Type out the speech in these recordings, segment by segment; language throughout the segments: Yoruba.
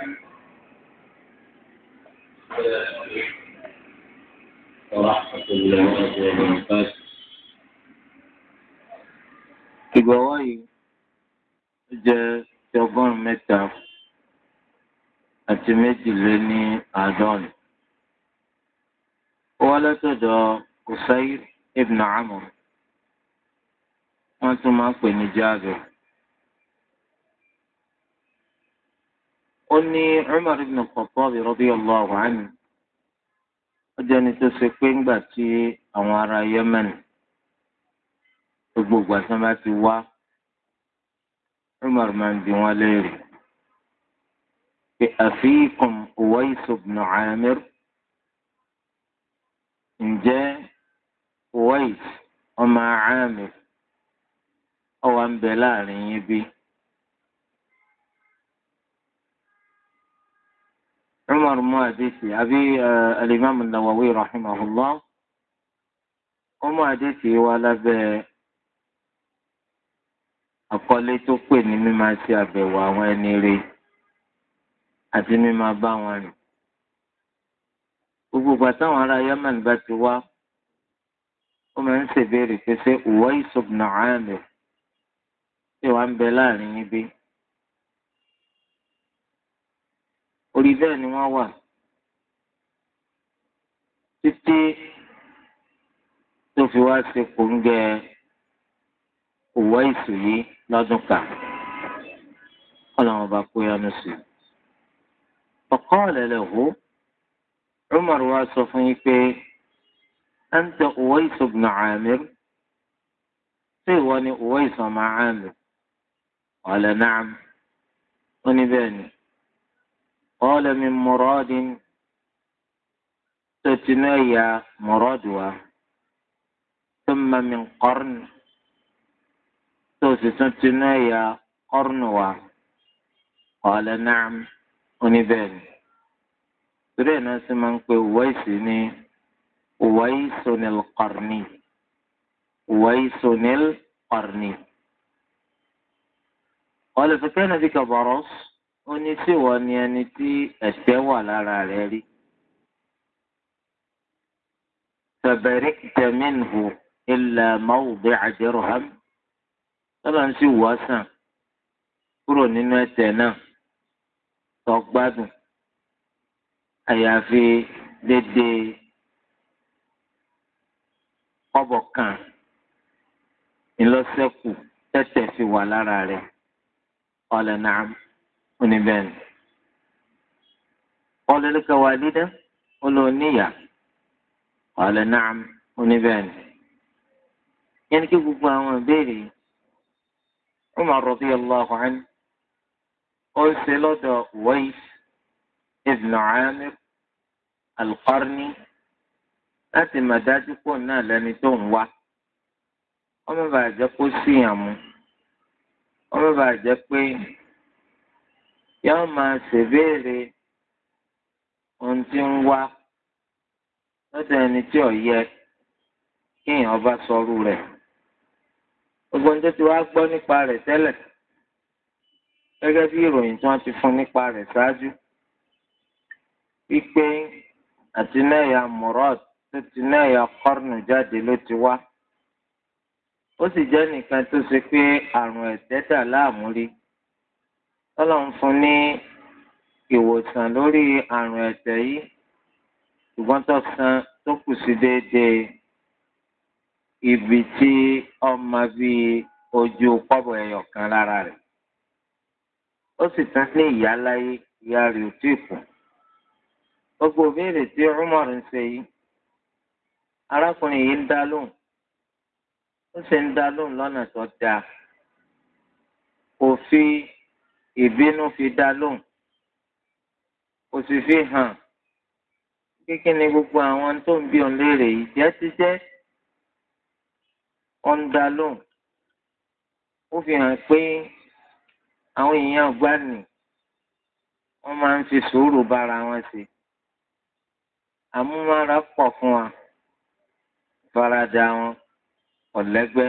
ورحمة الله وبركاته ìgbọ̀wọ́ yìí ó jẹ́ ti ọgọ́rùn-ún mẹ́ta àti méjìléní àádọ́rin. ó wá látọ̀dọ̀ Qusayr ibn Amr wọ́n tún máa ń pè ní Jábìrì. ó ní Umar ibn al-Khattab radiyallahu anhu ó jẹ́ ẹni tó ṣe pé ńgbà tí àwọn ará Yemen gbogbo ìgbà tí wọ́n bá ti wá Umar máa ń bi wọ́n léèrè pé afikum Uwais ibn Amir ǹjẹ́ Uwais ọmọ Amir ó wà ń bẹ láàrin yín bíi. Umar mú àdéhìí àbí eh, alimami Nawawi rahimahullah ó mú àdéhìí wá lábẹ́ àkọlé tó pè ní mímá ṣe àbẹ̀wò àwọn ẹni rí àti mímá bá wọn rìn gbogbo ìgbà táwọn ará Yemen bá ti wá ó máa ń ṣèbéèrè pé ṣé Uwais ibn Amir ṣé wàá ń bẹ láàrin yín bí? orí bẹ́ẹ̀ ni wọ́n wà títí tó fi wá ṣe kòńgẹ́ òwò ìsù yìí lọ́dún kan ọlọ́run ọba kó yánu sí i. ọ̀kan ọ̀lẹ́lẹ̀ hó wa sọ fún yín pé anta Uwais ibn Amir ṣé ìwọ ni Uwais ọmọ Amir ọ̀lẹ́ náà ó ní bẹ́ẹ̀ ni. قال من مراد تتنايا مرادوا ثم من قرن تتنايا قرنوا قال نعم ونبان سرينا سمن ويسني ويسن القرني ويسن القرني قال فكان بك برص ó ní tíwọ ni ẹni tí ẹ̀ṣẹ̀ wà lára rẹ̀ rí. tabarikta minhu illa mawdi'a dirham lọ́ba ń sì wọ́ sàn kúrò nínú ẹ̀ṣẹ̀ náà tó àyàfi dédé kọ́bọ̀ kan ńlọ́sẹ̀kù tẹ̀tẹ̀ fi wà lára rẹ̀ ọ̀lẹ̀ ó ní bẹ́ẹ̀ ni ọlọ́lẹ́kẹ̀ wà lídẹ́ ó lọ níyà ọ̀lẹ́ náà ó ní bẹ́ẹ̀ ni yẹn ni kí gbogbo àwọn ìbéèrè Umar radiyallahu anhu ó ń ṣe lọ́dọ̀ Uwais ibn Amir al láti mà dájú pọ̀ náà lẹ́ni tó ń wá ọmọ bàjẹ́ kó síyàn mu ọmọ bàjẹ́ pé yóò máa ṣèbéèrè ohun tí ń wá lọ́dọ̀ ẹni tí ò yẹ kí èèyàn bá sọrú rẹ̀. gbogbo ní tó ti wá gbọ́ nípa rẹ̀ tẹ́lẹ̀ gẹ́gẹ́ bí ìròyìn tí wọ́n ti fún nípa rẹ̀ ṣáájú wípé àti náà ya murad tó ti náà kọ́rùnù jáde ló ti wá ó sì jẹ́ nìkan tó ṣe pé àrùn ẹ̀tẹ̀ dà Ọlọ́run fún ní ìwòsàn lórí àrùn ẹ̀tẹ̀ yìí ṣùgbọ́n tó san tó kù sí déédéé ibi tí ọmọ bíi ojú pọ́bọ̀ ẹyọ kan lára rẹ̀. ó sì tún ní ìyá láyé ìyá rẹ̀ ò tíì kù. gbogbo ìbéèrè tí Umar ń ṣe yìí arákùnrin yìí ń dá lóhùn ó sì ń dá lóhùn lọ́nà tó dáa kò fi ìbínú fi dá lóhùn kò sì fi hàn kíkí ni gbogbo àwọn tó ń bí òun léèrè yìí jẹ́ ti jẹ́ ó ń dá lóhùn ó fi hàn pé àwọn èèyàn ọgbà nì wọ́n máa ń fi sùúrù bára wọn ṣe àmúmára pọ̀ fún wa faradà wọn ọ̀lẹ́gbẹ́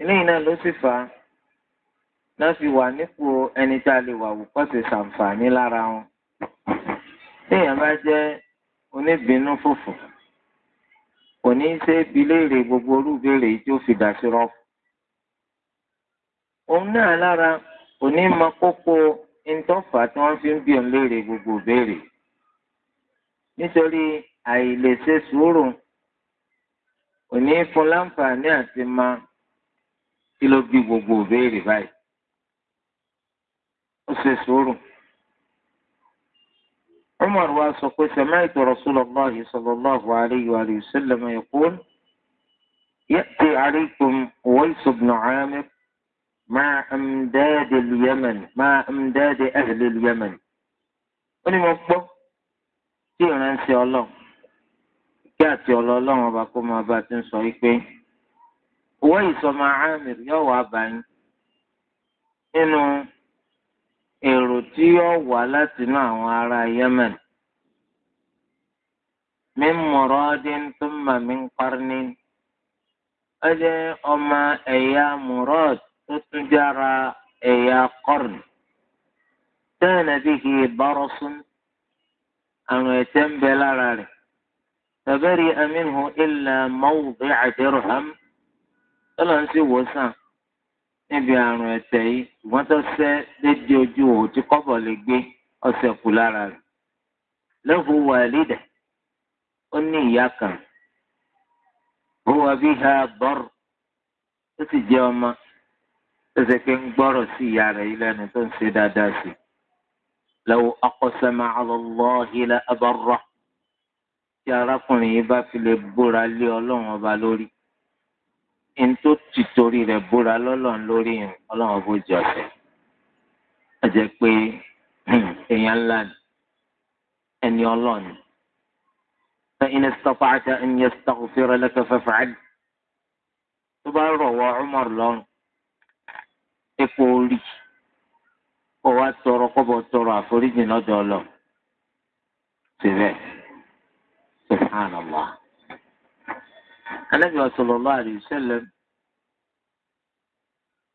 eléyìí náà ló sì fà á náà fi wà nípò ẹni tá a lè wà wò kọ́ ṣe ṣàǹfààní lára wọn. téèyàn bá jẹ́ oníbínú fòfò kò ní í ṣe é bi léèrè gbogbo orú ìbéèrè yìí tí ó fi dà sí rọ́ọ̀fù. òun náà lára kò ní mọ kókó ntọ́fà tí wọ́n fi ń bí òun léèrè gbogbo ìbéèrè. nítorí àìlèṣe sùúrù òní fún láǹfààní àti máa kí ló bí gbogbo ìbéèrè báyìí ó ṣe sùúrù. عمر واسق سمعت رسول الله صلى الله عليه وآله وسلم يقول يأتي عليكم ويس بن عامر مع أمداد اليمن مع أمداد أهل اليمن وني مقبو tí ò ránṣẹ́ ọlọ́run kí àti ọlọ́run ọba kó máa bá ti ń sọ wípé owó ìsọmọ àmì yóò wá báyìí nínú èrò tí yóò wá látinú àwọn ará Yemen min muradin thumma min qarnin ó jẹ́ ọmọ ẹ̀yà murad tó tún jára ẹ̀yà qarn tẹ́ẹ̀nà bí kì í barasun àrùn ẹ̀tẹ̀ ń bẹ lára rẹ̀ tabari'a minhu illa mawdi'a dirham tó lọ́n sí wòsàn níbi àrùn ẹ̀tẹ̀ yìí ṣùgbọ́n tó ṣẹ́ dédé ojú òwò tí kọ́bọ̀ lè gbé ọ̀sẹ̀ kù lára rẹ̀. lẹ́hu wàlídà ó ní ìyá kan ó wà bí ha bọ́rọ̀ ó sì jẹ́ ọmọ ó pé ń gbọ́rọ̀ sí ìyá rẹ̀ yìí lẹ́nu tó ń ṣe dáadáa sí i. lẹ́hu aqsama ala tí arákùnrin yìí bá fi lè búra lé ọlọ́run ọba lórí ntó ti torí rẹ̀ búra lọ́lọ́run lórí ọlọ́run bójú ọ̀sẹ̀ ẹ jẹ́ pé hmm, èèyàn ńlá ẹni ọlọ́run فإن استطعت أن يستغفر لك فافعل tó bá rọ̀ wọ́ Umar lọ́rùn epo orí kó wá tọrọ kọ́bọ̀ tọrọ àforíjì lọ́dọ̀ ọlọ́run síbẹ̀ subhanallah. Ànábì sallallahu alaihi wasallam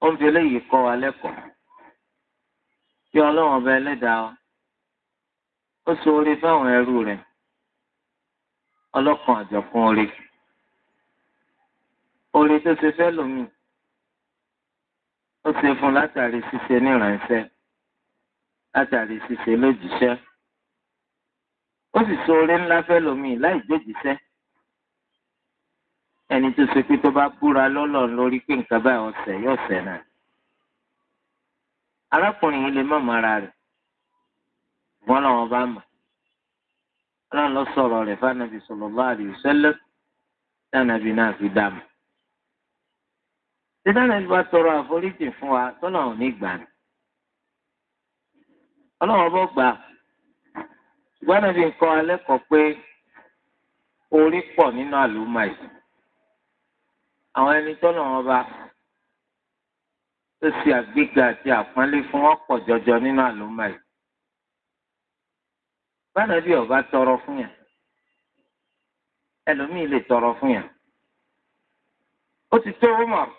ó ń fi eléyìí kọ́ wa lẹ́kọ̀ọ́ kí ọlọ́run ọba ẹlẹ́dàá ó so orí fáwọn ẹrú rẹ̀ ọlọ́kan àjọ̀kún orí orí tó ṣe fẹ́ lómi ó ṣe fún látàrí ṣíṣe níránṣẹ́ látàrí ṣíṣe lójíṣẹ́ ó sì so orí ńlá fẹ́ lómi láì gbèjìṣẹ́ ẹni tó ṣe pé tó bá búra lọ́lọ́ lórí pé nǹkan báyìí ọ̀sẹ̀ yóò ṣẹ̀ náà. arákùnrin yìí lè má mọ ara rẹ̀ ṣùgbọ́n làwọn bá mọ̀. ọlọ́run lọ sọ̀rọ̀ rẹ̀ fánàbì sallallahu alaihi wasallam tánàbì náà fi dá mọ̀. títànà ìlú bá tọrọ àforíjì fún wa tọ́nà ò ní gbà ní. ọlọ́run bọ́ gbà ṣùgbọ́n nàbì nǹkan alẹ́ pé orí pọ̀ nínú àlùmáyìí àwọn ẹni tọ́nà wọn bá tó ṣe àgbéga àti àpọ́nlé fún wọn pọ̀ jọjọ nínú àlùmọ́ yìí. báyọ̀ bí ọba tọrọ fún yàn ẹlòmíì lè tọrọ fún yàn. ó ti tó Umar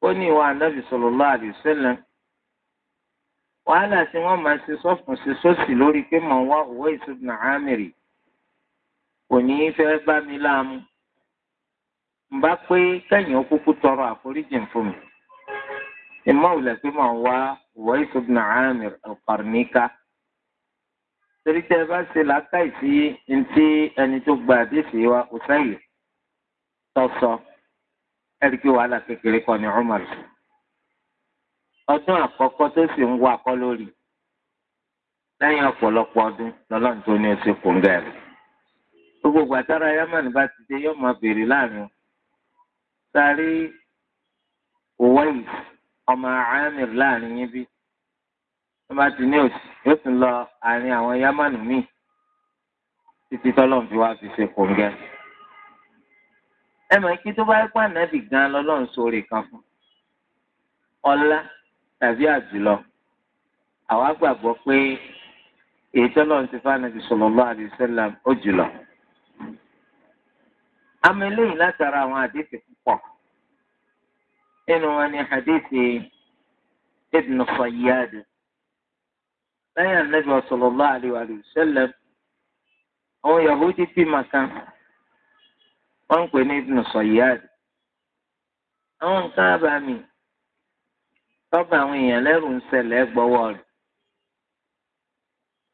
ó ní ìwà anábì sallallahu alaihi wàhálà tí wọ́n máa ṣe sọ́fún ṣe sọ́sì lórí pé màá wá òwe ìṣubùnà àmìrì kò ní í fẹ́ bá mi láàmú n bá pé kẹ́yìn òkúkú tọrọ àforíjì fún mi ìmọ̀ òlẹ̀ pé màá wá Uwais ibn Amir al-Qarnika torí tẹ́ ẹ bá ṣe làákàyè sí ntí ẹni tó gba àdéhùn wa kò sẹ́yìn tọ́sọ ẹ̀rí pé wàhálà kékeré kan ní Umar ọdún àkọ́kọ́ tó sì ń wá akọ́ lórí lẹ́yìn ọ̀pọ̀lọpọ̀ ọdún lọ́lọ́run tó ní oṣù kò gẹ̀rẹ́ gbogbo gbàtàrà yamani bá ti dé yóò sáré wẹ́yì ọmọ amir láàrin yín bí wọ́n bá ti ní òsì yóò tún lọ àárín àwọn yámánù míì títí tọ́lọ́n fi wá fi ṣe kòǹgẹ́. ẹ mọ̀ kí tó bá pa ànábì gan lọ́lọ́run sóore kan fún ọlá tàbí àjùlọ àwa gbàgbọ́ pé èyí tọ́lọ́run ti fún ànábì sallallahu alaihi wasallam ó jùlọ amẹ́lẹ́yìn látara àwọn àdéhùn púpọ̀ nínú wọn ni àdéhùn ibn Sayyad lẹ́yìn anábì sallallahu alayhi wa sallam àwọn Yahudi bí màkà wọ́n ń pè ní ibn Sayyad àwọn nǹkan àbàmì tọ́ba àwọn èèyàn lẹ́rù ń ṣẹlẹ̀ gbọ́wọ́ rẹ̀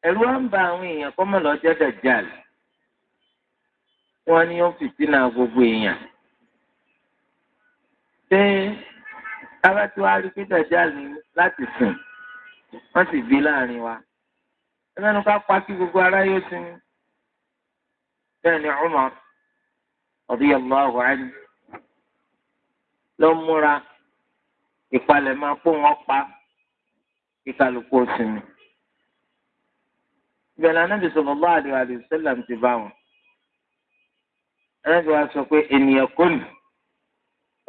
ẹ̀rù á ń ba àwọn èèyàn kọ́mọ̀lọ́jọ́ dàjálì wọn ní ó fìtínà gbogbo èèyàn. ṣé abájọ́ wa rí pété jáde láti sìn wọ́n sì bí láàrin wa. ẹlẹ́nu ká pa kí gbogbo ara yóò sinmi. bẹ́ẹ̀ ni Umar radiyallahu anhu ló múra ìpalẹ̀mọ́ pé wọ́n pa ìkàlùkù òsìmì. ìbẹ̀rẹ̀ anábì sallallahu alaihi wa sallam ti bá wọn ẹnìkan wá sọ pé ènìyàn kò ní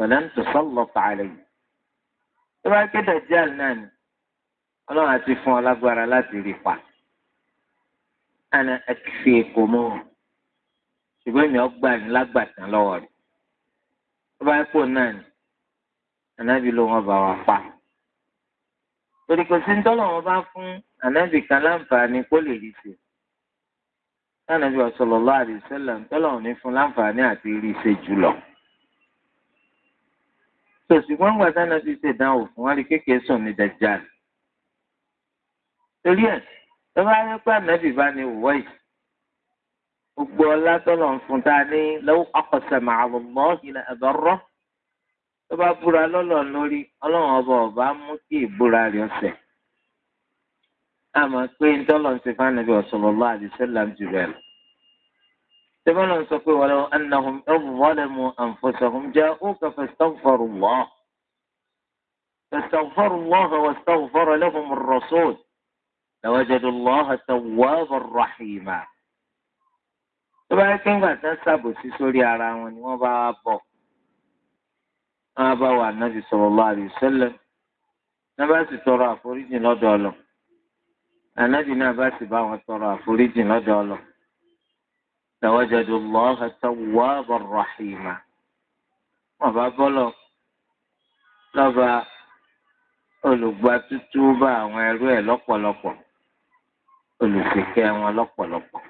ọ̀nà tó sọ́lọ̀ pààlẹ́ yìí. tó bá kéde díẹ̀ náà ni ọlọ́run àti fún ọ lágbára láti rí pa. àná ẹ fi èkó mọ́ ọ ṣùgbọ́n èmi ọgbà ní lágbàtàn lọ́wọ́ rẹ̀. tó bá pò náà ni ànábì ló wọn bá wa pa. torí kò sí ń tọ́lọ̀ wọn bá fún ànábì kan láǹfààní kó lè rí sí i. Ànábì sallallahu alaihi wasallam tọ́lọ́run ní fún láǹfààní àti rí ṣe jùlọ. sòṣùgbọ́n gbà sáná ti ṣe ìdánwò fún wọn rí kékeré sùn ní Dajjal. torí ẹ̀ ẹ bá rí pé ànábì bá ní òwò yìí. gbogbo ọlá tọ́lọ̀ ń fún tá a ní lọ́wọ́ aqsama ala Allahi la tó bá búra lọ́lọ́ lórí ọlọ́run ọba ọba mú kí ìbúra rẹ̀ ọ̀sẹ̀. àmọ́ pé ntọ́lọ̀ ń sèfà nàbí sallallahu alaihi wasallam jù bẹ́ẹ̀ lọ. sẹ́fọ́n náà sọ pé walau annahum zalamu anfusahum ja'uka fastaghfirullah fastaghfirullah wastaghfara lahum ar-rasul lawajadullaha tawwaban rahima. tó bá yẹ kí ń gbà tán ṣàbòsí sórí ara wọn ni wọ́n bá wá bọ̀ wọ́n bá wà nàbí sallallahu alaihi wasallam náà bá sì tọrọ àforíjì lọ́dọ̀ ọlọ́run. ànábì náà bá sì bá wọn sọ̀rọ̀ àforíjì lọ́dọ̀ ọlọ tawajadullaha tawwaban rahima wọn bá bọlọ lọba olùgbàtútù bá àwọn ẹrú ẹ̀ lọ́pọ̀lọpọ̀ olùsèkẹ́ wọn lọ́pọ̀lọpọ̀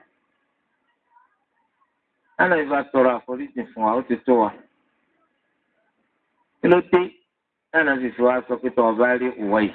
lálẹ́ ìbá tọrọ àforíjì fún wa ó ti tó wa kí ló dé lánàá sì fi wá sọ pé tọ́ ọ bá rí ìwọ yìí.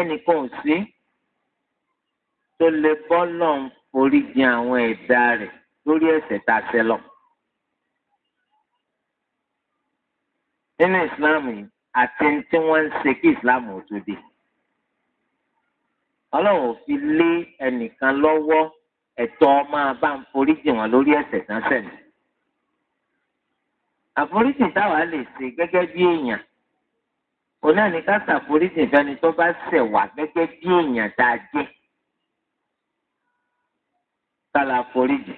ẹnìkan ò sí tó lè bọ́lọ̀ ń forí jìn àwọn ẹ̀dá rẹ̀ lórí ẹ̀ṣẹ̀ tá a ṣẹ̀ lọ. nínú ìsìláàmù yìí àti tí wọ́n ń ṣe kí ìsìláàmù ò tó dé. ọlọ́run ò fi lé ẹnìkan lọ́wọ́ ẹ̀tọ́ máa bá ń forí jìn wọn lórí ẹ̀ṣẹ̀ tán sẹ́yìn. àforíjì táwa lè ṣe gẹ́gẹ́ bí èèyàn òun náà ní ká ṣàforíjì ìfẹ́ni tó bá ṣẹ̀ wá gẹ́gẹ́ bí èèyàn tá a jẹ́ kálá foríjì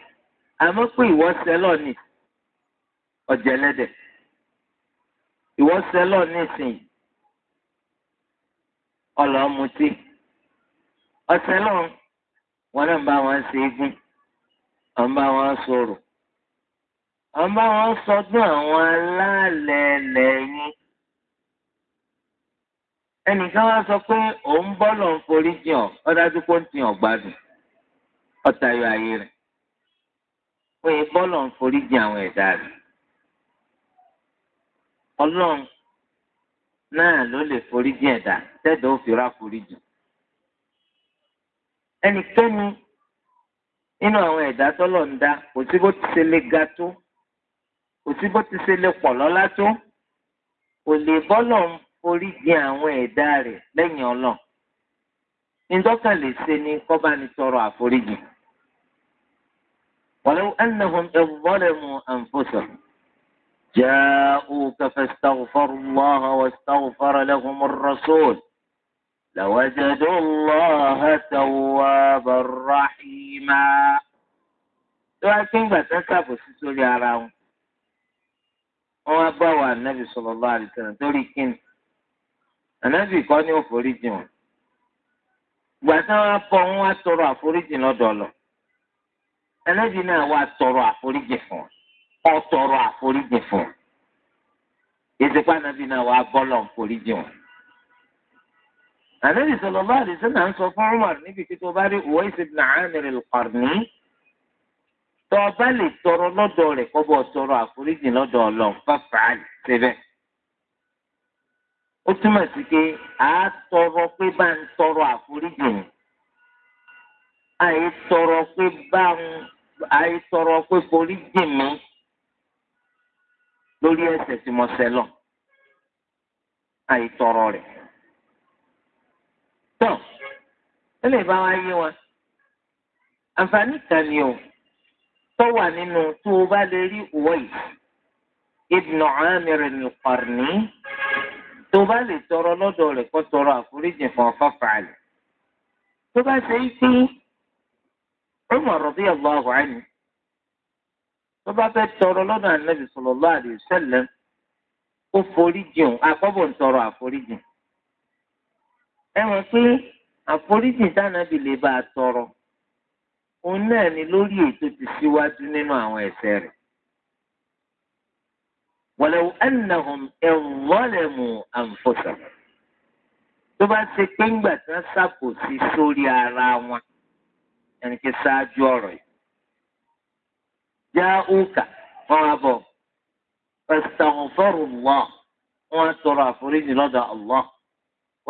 àmọ́ pé ìwọ sẹ́lọ̀ ní ọ̀jẹ̀ ẹlẹ́dẹ̀ ìwọ sẹ́lọ̀ nísìnyí ọlọ́mutí ọ̀sẹ̀lọ̀ wọn náà bá wọn ṣe é gún wọn bá wọn sọ̀rọ̀ wọn bá wọn sọdún àwọn alálẹ̀ẹ́lẹ̀ yín ẹnìkan wá sọ pé òun bọ́ lọ ń forí jìn ọ́ ọ́ dájú pé ó ń tin ọ̀gbádùn ọ̀tá yọ ayé rẹ̀ pé bọ́ lọ ń forí jìn àwọn ẹ̀dá rẹ̀ ọlọ́run náà ló lè forí jìn ẹ̀dá tẹ́dọ̀ ó fi rá forí jìn ẹnikẹ́ni nínú àwọn ẹ̀dá tọ́lọ̀ ń dá kò sí bó ti ṣe lè ga tó kò sí bó ti ṣe lè pọ̀ lọ́lá tó kò lè bọ́ lọ orí di àwọn ẹ̀dá rẹ̀ lẹ́yìn ọlọ́ ńdọ́kà lè ṣe ni kọ́ba ni tọrọ àforíjì wàlẹ́ ẹnìhùn ẹ̀wọ́lẹ̀mù ànfọ́sọ̀ جاءوك فاستغفروا الله fọ́rọ̀ لهم الرسول لوجدوا الله توابا رحيما tó a ti ń gbà sí sórí ara wọn wọn wá bá wa nàbì sallallahu alaihi wasallam torí kíni ànábì kọ́ ní òforíjì wọn ìgbà tí wọn bọ wọn wá tọrọ àforíjì lọ́dọ̀ lọ ànábì náà wá tọrọ àforíjì fún ọ tọrọ àforíjì fún ìsìnkú ànábì náà wá bọ́lọ̀ òforíjì wọn. ànábì sallallahu alaihi wasallam ń sọ fún Umar níbi tí tó bá rí Uwais ibn Amir al-Qarni tó o bá lè tọrọ lọ́dọ̀ rẹ̀ kó bọ̀ tọrọ àforíjì lọ́dọ̀ Ọlọ́run fàfàá síbẹ̀ ó túmọ̀ sí pé à á tọrọ pé bá ń tọrọ àforíjì ni àì tọrọ pé bá ń àì tọrọ pé foríjì mi lórí ẹ̀ṣẹ̀ tí mo ṣẹ̀ lọ àì tọrọ rẹ̀ tọ lè bá wa yé wa àǹfààní kan ni o tó wà nínú tó o bá lè rí òwò yìí Ibn Amir al tó bá lè tọrọ lọ́dọ̀ rẹ̀ kó tọrọ àforíjì fún ọkọ fàálì tó bá ṣe é pé Umar radiyallahu anhu tó bá fẹ́ tọrọ lọ́dọ̀ ànábì sallallahu alaihi wasallam ó foríjì òun àkọ́bọ̀ ń tọrọ àforíjì ẹ mọ̀ pé àforíjì tànàbì lè bá a tọrọ òun náà ni lórí ètò ti síwájú nínú àwọn ẹ̀ṣẹ̀ rẹ̀ wọ̀lẹ́wò ẹnìnàhùn ẹ̀wọ́lẹ̀mù àǹfọ̀sà. tó bá ṣe pé ńgbà tí wọ́n ṣàkóso sórí ara wọn ẹni kí ṣáájú ọ̀rọ̀ yìí. já òǹkà wọn wá bọ̀ ẹ̀sàǹfọ̀rọ̀ wọ̀ wọn tọrọ àforíjì lọ́dọ̀ ọ̀lọ́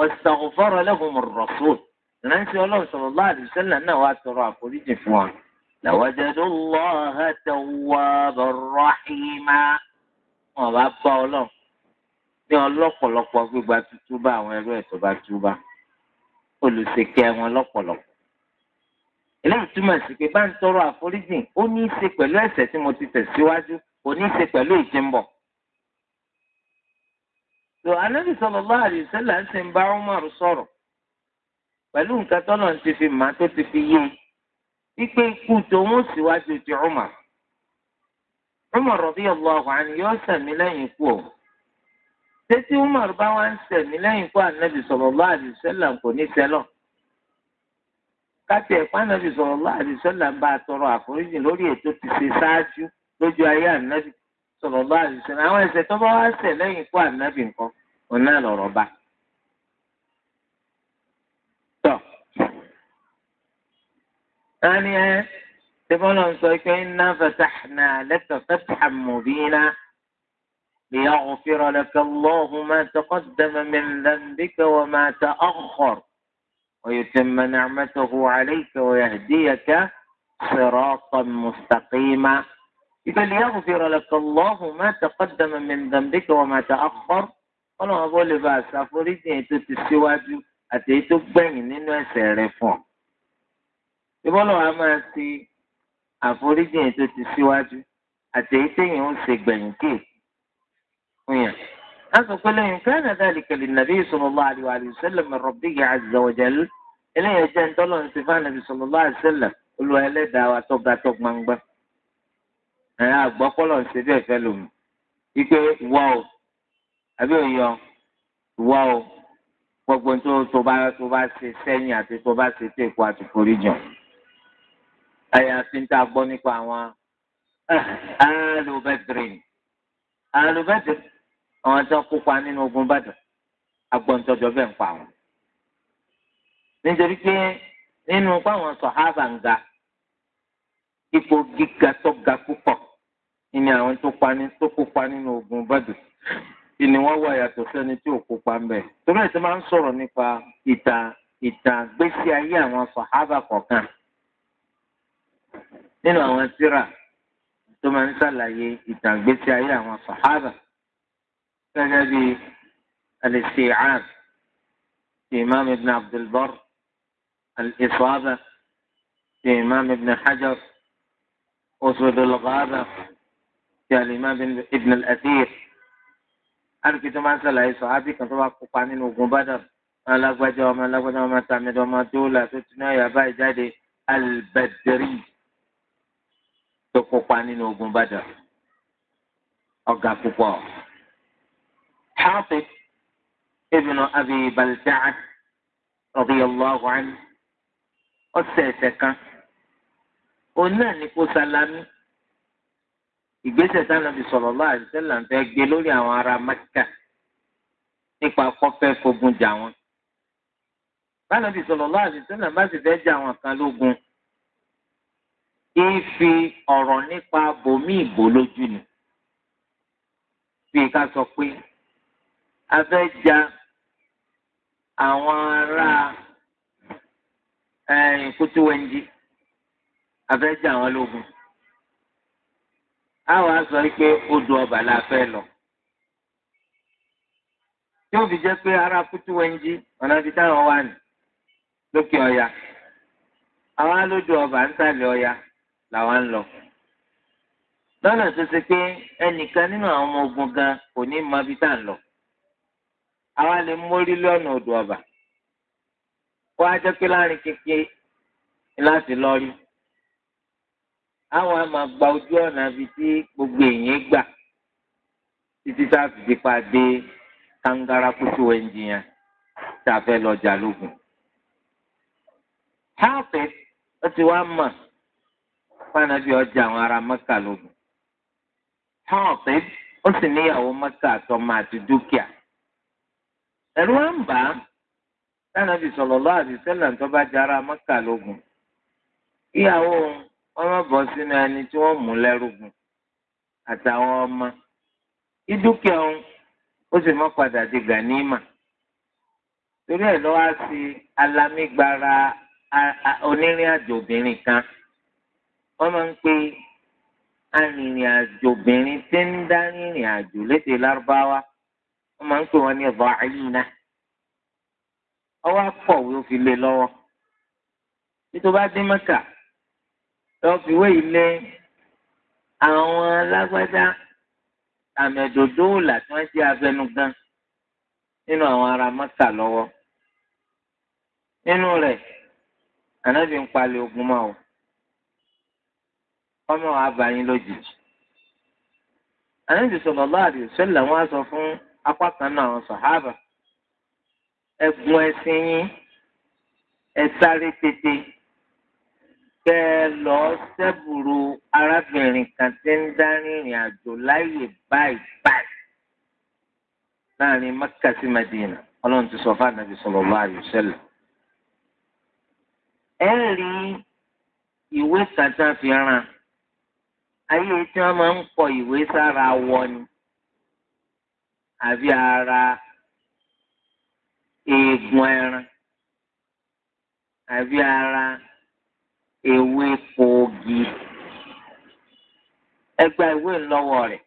ẹ̀sàǹfọ̀rọ̀ lẹ́hùn rọ̀ṣùn ìrántí ọlọ́run sọ̀rọ̀ bá náà wá tọrọ àforíjì fún wọn wọn bá bá ọlọ́run ní ọlọ́pọ̀lọpọ̀ gbígba tútúbà àwọn ẹrú ẹ̀ tó bá túbà olùṣèkẹ́ wọn lọ́pọ̀lọpọ̀. eléyìí túmọ̀ sí pé bá ń tọrọ àforíjìn ó ní í ṣe pẹ̀lú ẹ̀ṣẹ̀ tí mo ti tẹ̀síwájú kò ní í ṣe pẹ̀lú ìjìnbọ̀. tó anábì sallallahu alaihi wasallam ṣe ń bá Umar sọ̀rọ̀ pẹ̀lú nǹkan tọ́nà ti fi màá tó ti fi yé wípé ikú tòun ó síwájú ti Umar. Umar radiyallahu anhu yóò sẹ̀mí lẹ́yìn ikú òun tẹ́tí Umar bá wá ń sẹ̀mí lẹ́yìn ikú ànábì sallallahu alaihi wasallam kò ní sẹ́lọ̀ káti ẹ̀kọ́ ànábì sallallahu alaihi wasallam bá a tọrọ àforíjì lórí ètò ti ṣe ṣáájú lójú ayé ànábì sallallahu alaihi wasallam àwọn ẹ̀ṣẹ̀ tó bá wá ṣẹ̀ lẹ́yìn ikú ànábì nǹkan òun náà lọ̀rọ̀ bá. tọ́ ta ni ẹ تفعل ان انا فتحنا لك فتحا مبينا ليغفر لك الله ما تقدم من ذنبك وما تاخر ويتم نعمته عليك ويهديك صراطا مستقيما اذا ليغفر لك الله ما تقدم من ذنبك وما تاخر قالوا اقول لباس افوريتي انت السواد أتيت بين انه سيرفون يقولوا اما àforíjì yẹn tó ti síwájú àti èyí téèyàn ń ṣe gbẹ̀yìn kè fún yàn. láti pé lẹ́yìn káàdà dáàlì kẹlẹ̀ nàbí sallallahu alaihi wasallam min rabbihi azza wa jalla eléyìí jẹ́ ntọ́lọ́ ní sèfà nàbí sallallahu alaihi wasallam olùwà ẹlẹ́dàá wa tọ́gbà tó gbangba. ẹ̀ àgbọ́kọ́lọ̀ ṣe bẹ́ẹ̀ fẹ́ lòmù ike wọ́ o àbí òyìn wọ́ o gbogbo tó bá ṣe sẹ́yìn àti tó bá ṣe tó èkó àti foríjì àyàfi ń tá a gbọ́ nípa àwọn alubẹ́dìrín alubẹ́dìrín àwọn tó kópa nínú ogun bàdà agbọ́ntọ́jọ́ bẹ́ẹ̀ ń pa wọn. nítorí pé nínú fáwọn sọ̀hábà ń ga ipò gíga tó ga púpọ̀ ni àwọn tó kópa nínú ogun bàdà ìní wọn wà yàtọ̀ sẹ́ni tí ò kópa ń bẹ̀. máa ń sọ̀rọ̀ nípa ayé àwọn sọ̀hábà kọ̀ọ̀kan. nínú àwọn síra tó máa ń ṣàlàyé ìtàgbésí ayé àwọn sàhábà gẹ́gẹ́ bí al-Isti'ab ti imam ibn abdulbar al-Isaba ti imam ibn hajar usudul ghaba ti al-imam ibn al-Athir alùpùpù tó máa ń ṣàlàyé sàhábì kan tó bá kópa nínú ogun Badr alágbájá ọmọ alágbájá ọmọ tàmídọ́ ọmọ tó là tó ti náà báyìí jáde al-Badri. tó kópa nínú ogun bàdà ọ̀gá púpọ̀. Hafiz ibn Abi Balta'a radiyallahu anhu ọ̀sẹ̀ ẹ̀sẹ̀ kan òun náà ní kó salami ìgbésẹ̀ sanabi sallallahu alaihi wasallam ń fẹ́ gbé lórí àwọn ará Mẹ́kà nípa kọ́fẹ́ fogun jà wọn. sanabi sallallahu alaihi wasallam bá sì fẹ́ jà wọn kan lógun ìfi ọ̀rọ̀ nípa bòmí ìbò lójú ni. Bí sọ pé a fẹ́ ja àwọn ará kútúwẹ́ndì a fẹ́ ja àwọn lógun. A wàá sọ pé odò ọba la fẹ́ lọ. Tí ó fi jẹ́ pé ará kútúwẹ́ndì ọ̀nà ti táwọn wà ní lókè ọ̀yà. Àwọn alójú ọba ń tàlẹ̀ ọ̀yà làwọn ń lọ. lọ́nà tó ṣe pé ẹnìkan nínú àwọn ọmọ ogun gan kò ní mọ ibi tá à ń lọ. àwa lè mórí lọ́nà odò ọ̀bà. kó a jẹ́ pé láàrin kékeré láti lọ rí. àwọn àmà gba ojú ọ̀nà ibi tí gbogbo èèyàn gbà títí tá a fi di pàdé kangara kútu ẹnjìyàn tá a fẹ́ lọ jà lógun. Hafiz ó ti mọ̀. pànàbí ọjà àwọn ará maka lógun hàn pé ó sì níyàwó mẹ́kà àtọmọ àti dúkìá ẹ̀rù wa ń bà á tànàbí sallallahu alaihi wasallam tó bá jẹ ará mẹ́kà lógun ìyàwó wọn sínú ẹni tí wọ́n mú lẹ́rùgùn àtàwọn ọmọ ìdúkìá òun ó sì padà wọ́n máa ń pe arìnrìn-àjò obìnrin tí ń dá rìnrìn-àjò lédè lárúbáwá wọ́n máa ń pè wọ́n ní bàáyínà ọwọ́ akọ̀wé ó fi lé lọ́wọ́ títí ó bá dé mẹ́kà lọ́ọ́ fi wé ilé àwọn alágbádá àmì òòlà tí wọ́n ṣe abẹnugan nínú àwọn ará mẹ́kà lọ́wọ́ nínú rẹ̀ ànábì ń palẹ̀ ogun mọ́ ọ ọmọ abayin lójijì ànábì sallallahu alaihi wasallam wọ́n á sọ fún apá kan náà àwọn sàhábà ẹ̀gbọ́n ẹ̀sìn yín ẹ sáré tètè kẹ́ ẹ lọ sẹ́bùrú arábìnrin kan tí ń dá rìnrìn àjò láyè báyìí báyìí láàrin Mẹ́kà sí Mẹ́dínà ọlọ́run ti sọ fún ànábì sallallahu alaihi wasallam ẹ rí ìwé kàtà fi ràn án ayé tí wọ́n máa ń kọ ìwé sára wọ ni àbí ara eegun ẹran àbí ara ewé kòògì ẹgbẹ́ ìwé ńlọ́wọ́ rẹ̀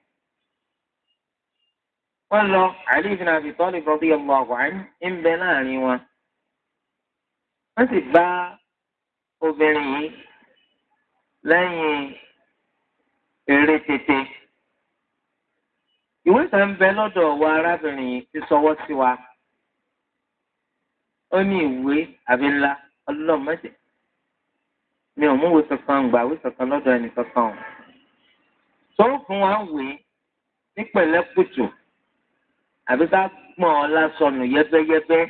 wọ́n lọ Ali ibn Abi Talib radiyallahu anhu ń bẹ láàrin wọn wọ́n sì bá obìnrin yìí lẹ́yìn eré tètè ìwé kan ń bẹ lọ́dọ̀ wa arábìnrin tí sọwọ́ sí wa ó ní ìwé àbí ńlá ọlọ́mọdé mi ò múwèé kankan gbà wí kankan lọ́dọ̀ ẹnì kankan o tó fún wa ń wèé ní pẹ̀lẹ́kùtù àbí ká gbọ́n ọ lásọnù yẹ́bẹ́yẹ́bẹ́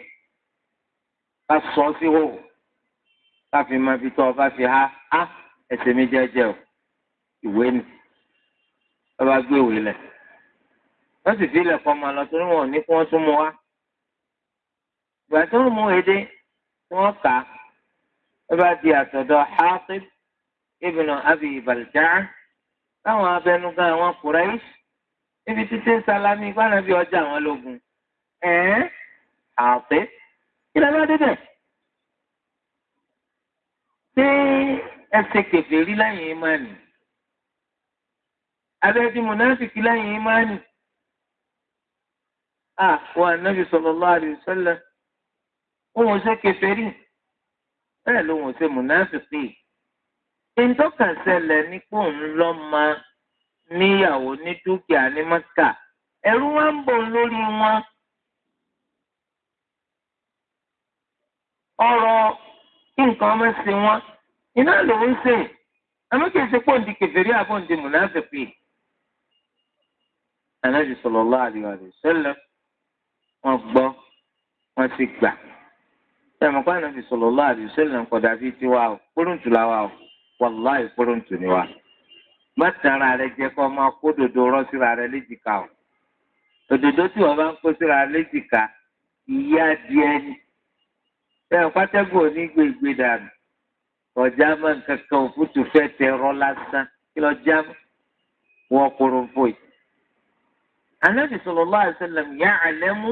ká sọ sí hò ká fi máa fi tọ́ ọ bá fi há ẹsẹ̀ mi jẹ́jẹ́ o ìwé ni ẹ bá gbé ìwé lẹ̀ wọ́n sì fi ilẹ̀kùn ọmọ lọ torí wọn ò ní kí wọ́n tún mú wá ìgbà tó mú èdè tí wọ́n kà á ẹ bá di àtọ̀dọ̀ Hatib ibn Abi Balta'a táwọn abẹnugan àwọn Quraysh níbi títí ń salami gbànàbí ọjà àwọn lógun ẹ̀ẹ́n àpé kí lọ́wọ́ débẹ̀ ṣé ẹsẹ̀ kẹfẹ́ rí lẹ́yìn imáàmì abẹ́ẹ̀dì mùnáfìkì lẹ́yìn ìmáànì. àwọn ànábì sallallahu alaihi wasallam òun ò ṣe kèfèrí bẹ́ẹ̀ ló ń ṣe mùnáfìkì. ìtọ́ka ṣẹlẹ̀ ní pò ń lọ́ máa níyàwó ní dúkìá ní mọ́kà ẹ̀rú wa ń bọ̀ lórí wọn. ọ̀rọ̀ kí nǹkan ọmọ ṣe wọn iná ló ń àmọ́ kì í ṣe pòǹdì kèfèrí àbòǹdì mùnáfìkì. Ànábì sallallahu alaihi wasallam wọ́n gbọ́ wọ́n sì gbà ẹ̀mọ̀ kó Ànábì sallallahu alaihi wasallam kọ̀dà bíi tiwa o kúrúǹtù la wa o wàláì kúrúǹtù ni wa mọ́tàrà rẹ jẹ́ kó ọmọ kó dòdò rọ́ síra rẹ léjìká o òdòdó tí wọ́n bá ń kó síra léjìká ìyá díẹ̀ ni ẹ̀mọ̀ pátágùn òní gbègbè dànù ọjà máa ń kankan òfútù fẹ́ tẹ ẹ̀rọ lásán kí lọ já wọ́n kúrò fún yìí anabi sallallahu alaihi wasallam ya'lamu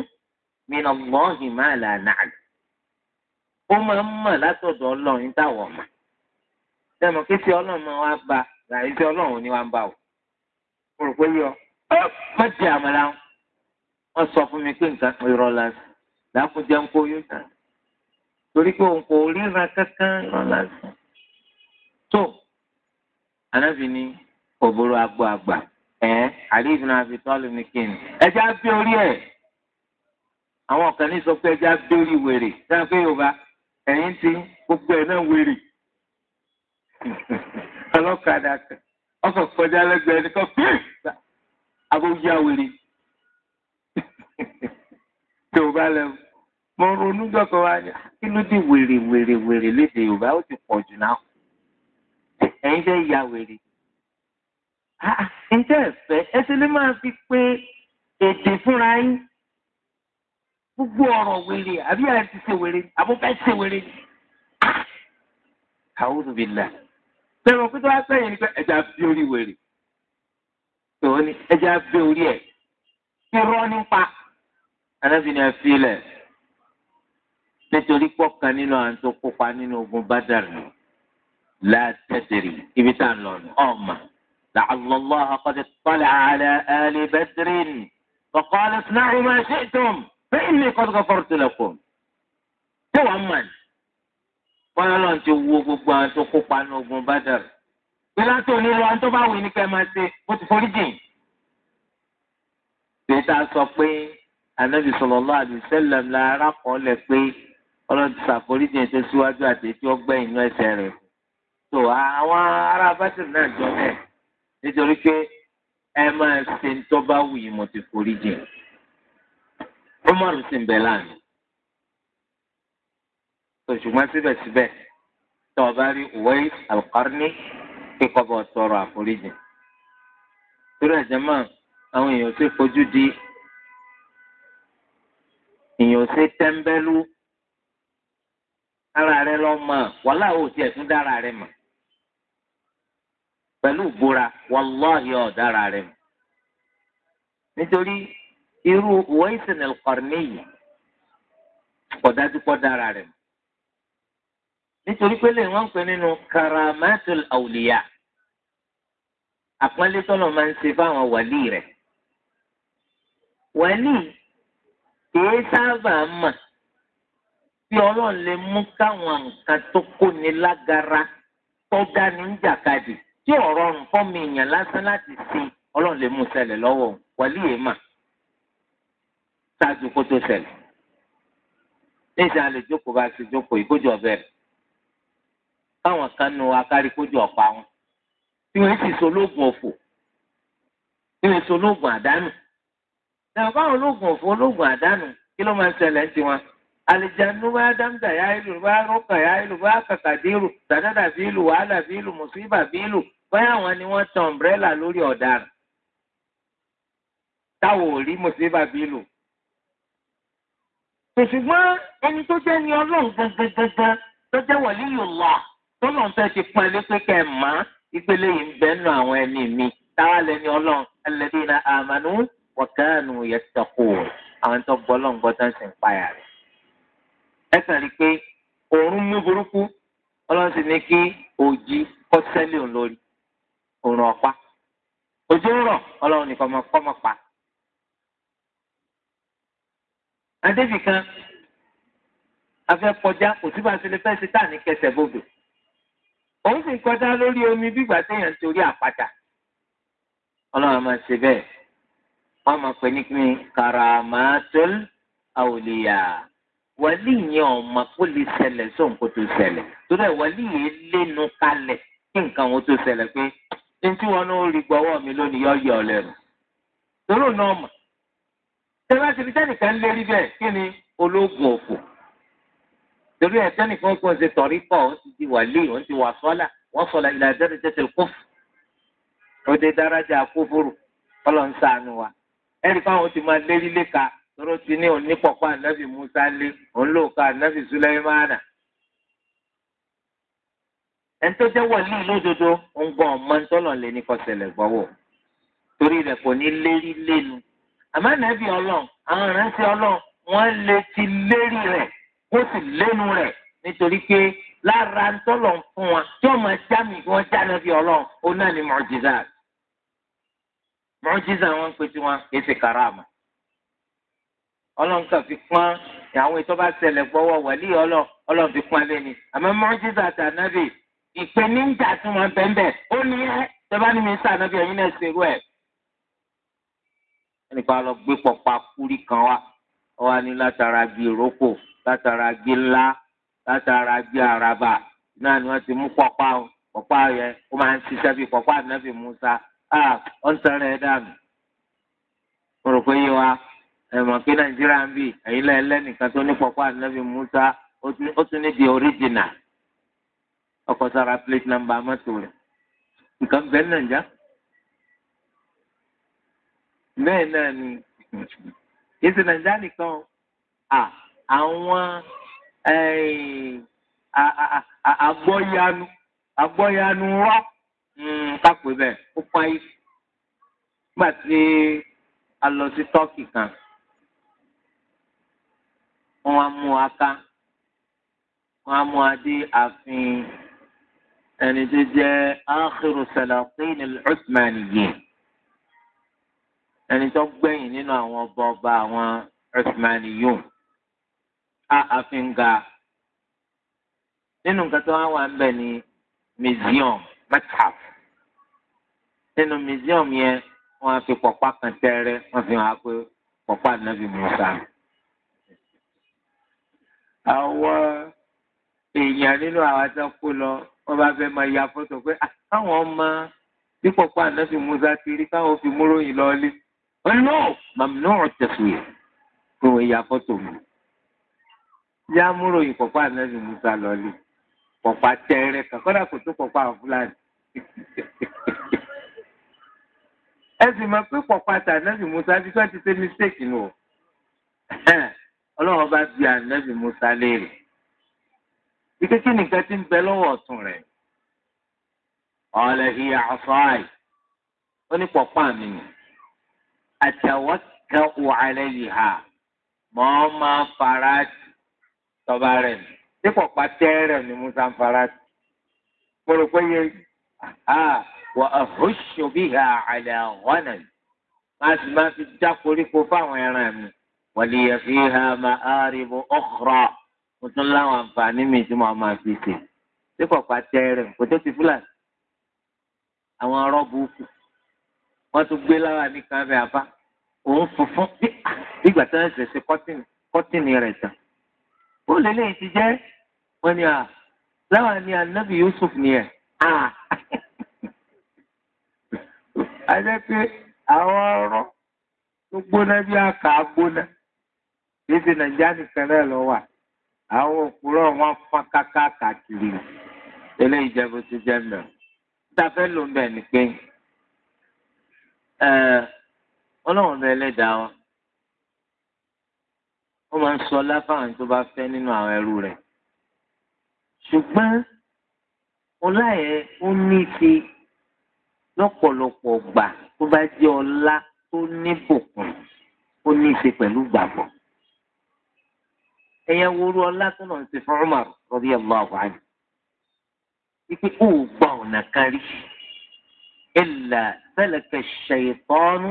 min Allahi ma la na'lam ó máa ń mọ̀ látọ̀dọ̀ ọlọ́run táwọn ọmọ sẹ́mu kí ti ọlọ́run máa wá bá ràyè tí ọlọ́run ni wá ń bá o mo rò pé yọ ọ má di àmàlà wọn sọ fún mi pé nǹkan kan irọ́ lásán làákùn kó yóò tàn torí pé òun kò ríran kankan irọ́ lásán tó anábìíní òbúrò agbó àgbà ẹ Ali ibn Abi Talib ní kíni ẹjẹ abẹ orí ẹ àwọn kan ní sọ pé ẹjẹ abẹ orí wèrè sáà pé yorùbá ẹ̀yin ti gbogbo ẹ náà wèrè ọlọ́kadà kan ọkọ̀ kọjá lẹ́gbẹ̀ẹ́ ẹni kan fíì agbóyá wèrè yorùbá lẹ́wọ̀ mo ronú gbọ́kọ̀ wá ní ah, kí ló dé wèrè wèrè wèrè lédè yorùbá ó ti pọ̀ jù náà ẹ̀yin fẹ́ ya wèrè ǹjẹ́ ẹ̀fẹ́ ẹ ti lè máa fi pé èdè fúnra yín gbogbo ọ̀rọ̀ wèrè àbí ẹ ti ṣe wèrè àbúkẹ́ ṣe wèrè ni. àwọn òbílà bẹ́ẹ̀ wọ́n pété wá sẹ́yìn ni pé ẹja bí orí wèrè tòun ni ẹja bí orí ẹ̀ irọ́ nípa anábìnrin àfilẹ̀ nítorí pọ̀kan nínú àwọn tó kópa nínú ogun bádàrú látẹ̀tẹ̀rì ibi tá a lọ ọ̀ma. لعل الله قد اطلع على آل بدر فقال اصنعوا ما شئتم فإني قد غفرت لكم توأمن wọ́n lọ́n ti wo gbogbo àwọn tó kópa ní ogun Badr pé láti òní lọ àwọn tó bá wù ní kẹ́ máa ṣe ó ti forí jìn. Bẹ́tà sọ pé Ànábì sallallahu alaihi wasallam la arákọ̀ọ́lẹ̀ pé ọlọ́run ti ṣàforíjìn ètò síwájú àti ètò ọgbẹ́ ìyún ẹsẹ̀ rẹ̀. tó àwọn ará Badr náà jọ bẹ́ẹ̀ nítorí pé ẹ máa ṣe ń tọ́ bá wù yín mo ti forí jìn Umaru sì ń bẹ láàánú ṣùgbọ́n síbẹ̀síbẹ̀ tí wọ́n bá rí Uwais al-Qarni kíkọ́ bọ̀ tọrọ àforíjì torí ẹ̀jẹ̀ máa àwọn èèyàn ṣe fojú di èèyàn ṣe tẹ́ńbẹ́lú ara rẹ lọ́ọ́ mọ̀ wàhálà ò tiẹ̀ tún dára rẹ mọ̀ pẹ̀lú ìbora wàláhì ọ̀dára rẹ̀ mu. nítorí irú wẹ́ẹ̀sìn ẹ̀kọ́rẹ́nì yìí ọ̀dájúpọ̀ dára rẹ̀ mu. nítorí pé lè wọ́n ń pè nínú karamatul awliya àpọ́nlé tọ́lọ̀ máa ń ṣe fáwọn wàlí rẹ̀. wàlí kìí sábà mà bí ọlọ́run lè mú káwọn nǹkan tó kóni lágara tó dání ń jàkadì tí ọ̀rọ̀ ọ̀rùn fọ́ọ̀mù èèyàn lásán láti ṣe ọlọ́run lè mú ṣẹlẹ̀ lọ́wọ́ wàlí yìí mà ṣáájú kó tó ṣẹlẹ̀ níṣẹ́ a lè jókòó bá a ṣe jókòó ìkójọ bẹ̀rẹ̀ káwọn kan nu akárí kójọ ọ̀pá wọn tí wọ́n sì sológun òfò tí wọ́n sológun àdánù náà báwọn ológun òfò ológun àdánù kí ló máa ń ṣẹlẹ̀ ń tiwọn alìjẹnu bá dámdà yá ìlú bá rọkà yá ìlú bá kàkàdé ìlú dàdàdà bí ìlú wàhálà bí ìlú mùsíbà bí ìlú báyà wọn ni wọ́n tan ọ̀mbrẹ́là lórí ọ̀daràn táwọn ò rí mùsùlùmí bí lò. ṣùṣùgbọ́n ẹni tó jẹ́ ni ọlọ́run gbọ̀ngbọ̀ngbọ̀n tó jẹ́ waliyullah tó lọ́n fẹ́ ti pọn ẹni pé kẹ́ ẹ̀ mọ́ ìpele yìí ń bẹ́ àwọn ẹni mi táwa lẹni ọlọ́run alladhina amanu wa kanu yattaqun àwọn tó gbọ́ lọ́n gbọ́ tán sì ń payà rẹ̀. ẹ kàn rí i pé òórùn mú burúkú ọlọ́run sì ní kí òjì kọ́ sẹ́lẹ̀ lórí òrùn ọ̀pá òjò ń rọ̀ ọlọ́run nìkan mọ̀ kọ́ mọ̀ pa. adébì kan afẹ́ kọjá kò sí bá a ṣe lè fẹ́ ṣe tá à ní kẹsẹ̀ bòbò òun sì kọjá lórí omi bígbà téèyàn torí àpáta ọlọ́run máa ṣe bẹ́ẹ̀ wọ́n máa pè ní kí ni karamatul awliya wàlí yẹn ọmọ kó lè ṣẹlẹ̀ sóhun kó tó ṣẹlẹ̀ torí ẹ̀ wàlí yẹn lénu kalẹ̀ kí nǹkan wọn tó ṣẹlẹ̀ pé ntí wọn náà rí gbọ́wọ́ mi lónìí yọ yọ lẹ́nu tóró náà mọ̀ tẹ́lá ti fi tẹ́nìkan lérí bẹ́ẹ̀ kí ni ológun òkú torí ẹ̀ tẹ́nìkan kò ṣe tọ̀rí pọ̀ ó ti di wàlí ó ti wà sọ́là wọ́n sọ̀là ìlà ìdẹ́rẹ́ tẹ́tẹ́ kó òde dáradà kófòrò ọlọ́run ṣàánú wa ẹ̀rí fáwọn ti máa lérí léka tóró ti ní onípọ̀pọ̀ ànábì Musa lé òun lóòka ànábì Sulaimana ẹni tó jẹ́ wọ̀lú lódodo ń gbọ́ ọmọ ntọ́lọ̀ lé ní kọsẹ̀lẹ̀ gbọ́wọ́ torí rẹ̀ kò ní lérí lénu àmọ́ nàbí ọlọ́run àwọn ìránṣẹ́ ọlọ́run wọ́n lè ti lérí rẹ̀ kó sì lénu rẹ̀ nítorí pé lára ntọ́lọ̀ ń fún wọn tí wọ́n máa já mi kí wọ́n já nàbí ọlọ́run ó náà ní mọ̀jísà mọ̀jísà wọn pe tí wọn kì í ṣe karama ọlọ́run kan fi pọ́n àwọn ètò bá ṣẹlẹ̀ gbọ́wọ́ wọ̀lú ọlọ́run fi pọ́n lẹ́ni àmọ́ mọ̀jísà tà nàbí ìpèníjà tí wọ́n bẹ̀ ń bẹ̀ ó ní ẹ́ tẹ́bá ní mi sànàbí ẹ̀yin náà ṣerú ẹ̀. ẹnìkan lọ gbé pọ̀pá kúrí kan wá ọ wá ní látara bí ìrókò látara bí ńlá látara bí àràbà náà ni wọ́n ti mú pọ̀pá o pọ̀pá yẹn ó máa ń ṣiṣẹ́ bí pọ̀pá ànábì Musa à ọ̀ ń sọ̀rọ̀ ẹ̀ dànù. mo rò pé yé wa ẹ̀ mọ̀ pé Nàìjíríà ń bì ẹ̀yin lẹ́ẹ̀lẹ́ nìkan tó ní pọ̀pá ànábì Musa ó tún ní di oríjìnà ọkọ̀ sára plate number mọ́tò rẹ̀ nǹkan bẹ́ẹ̀ náà já bẹ́ẹ̀ náà ni èsì nàìjíríà nìkan àwọn agbọ́yanu agbọ́yanu rọ́ kápẹ́ bẹ́ẹ̀ ó pa ife nígbà tí a lọ sí tọ́kì kan wọ́n á mú aka wọ́n á mú adé àfin ẹni tó jẹ́ áńkìrù sàlàkùn ọ̀sùmánìyìn ẹni tó gbẹ̀yìn nínú àwọn ọba ọba àwọn ọ̀sùmánìyìn á àfin ga nínú nǹkan tó wá wà ń bẹ̀ ni museum mẹ́tàf nínú museum yẹn wọ́n fi pọ̀pá kan tẹ́rẹ́ wọ́n fi hàn pé pọ̀pá nàbì Mùsá. àwọn èèyàn nínú àwọn àti ọkọ lọ wọ́n bá fẹ́ máa ya fọ́tò pé ah, káwọn ọmọ dípò pa ànábì musa ti rí káwọn fi múròyìn lọ lé wọ́n lọ màmínú ọ̀tẹ̀sùn yẹn kó wọ́n ya fọ́tò mi. yá múròyìn pọ̀pọ̀ ànábì musa lọ lé pọ̀pọ̀ tẹ́rẹ̀ kàkọ́dà kò tó pọ̀pọ̀ àwọn fúlàní. ẹ sì mọ̀ pé pọ̀pọ̀ àti ànábì musa bí wọ́n ti ṣe mistake nù. ọlọ́run bá bi ànábì musa léèrè. Ike kí nìkan ti ń bẹ lọ́wọ́ ọ̀tún rẹ̀? Ọ̀lẹ̀ ìyá àfáàì. Ó ní pọ̀pá mi nù. Àtẹ̀wọ́kẹ́ wà alẹ́ yìí hà. Mọ̀ ọ́ máa fara tọba rẹ̀ nù. Ṣé pọ̀pá tẹ́rẹ̀ ni Musa ń fara? Mo rò pé yẹ wà àhóṣù bí hà àlẹ́ àwọn náà. Má sì máa fi já koríko fáwọn ẹran mi. Wàlíyà fi hà máa áribo ọ̀kọ̀rọ̀ mo tún láwọn àǹfààní mi tí mo máa fi ṣe tí kọ̀ọ̀pá tẹ́rẹ̀ kò tó ti fúlàní àwọn ọ̀rọ̀ burúkú wọ́n tún gbé láwa ní káfẹ́ àbá òun funfun nígbà tí wọ́n ṣẹ̀ṣẹ̀ kọ́tìnì kọ́tìnì rẹ̀ tán ó lè léyìí ti jẹ́ wọ́n ní à láwa ni anabi Yusuf ni ẹ̀ à á jẹ́ pé àwọn ọ̀rọ̀ tó gbóná bí àkà gbóná kì í ṣe Nàìjíríà nìkan náà lọ wà àwọn òpùrọ̀ wọn fọ́n káká kàkiri eléyìí jẹ́ bó ti jẹ́ mẹ́. tafẹ́ ló ń bẹ̀ ni pé ọlọ́run bẹ lẹ́dàá wọn ó máa ń sọ láfàwọn tó bá fẹ́ nínú àwọn ẹrú rẹ̀ ṣùgbọ́n ọlá yẹn ó ní ti lọ́pọ̀lọpọ̀ gbà tó bá jẹ́ ọlá tó ní bùkún ó ní ṣe pẹ̀lú gbàgbọ́ ẹ̀yẹ wúru ọlá tó náà ń ṣe fún Umar radiyallahu anhu. ipe ó gbọ́ ọ̀nà kan rí illa salaka ash-shaytanu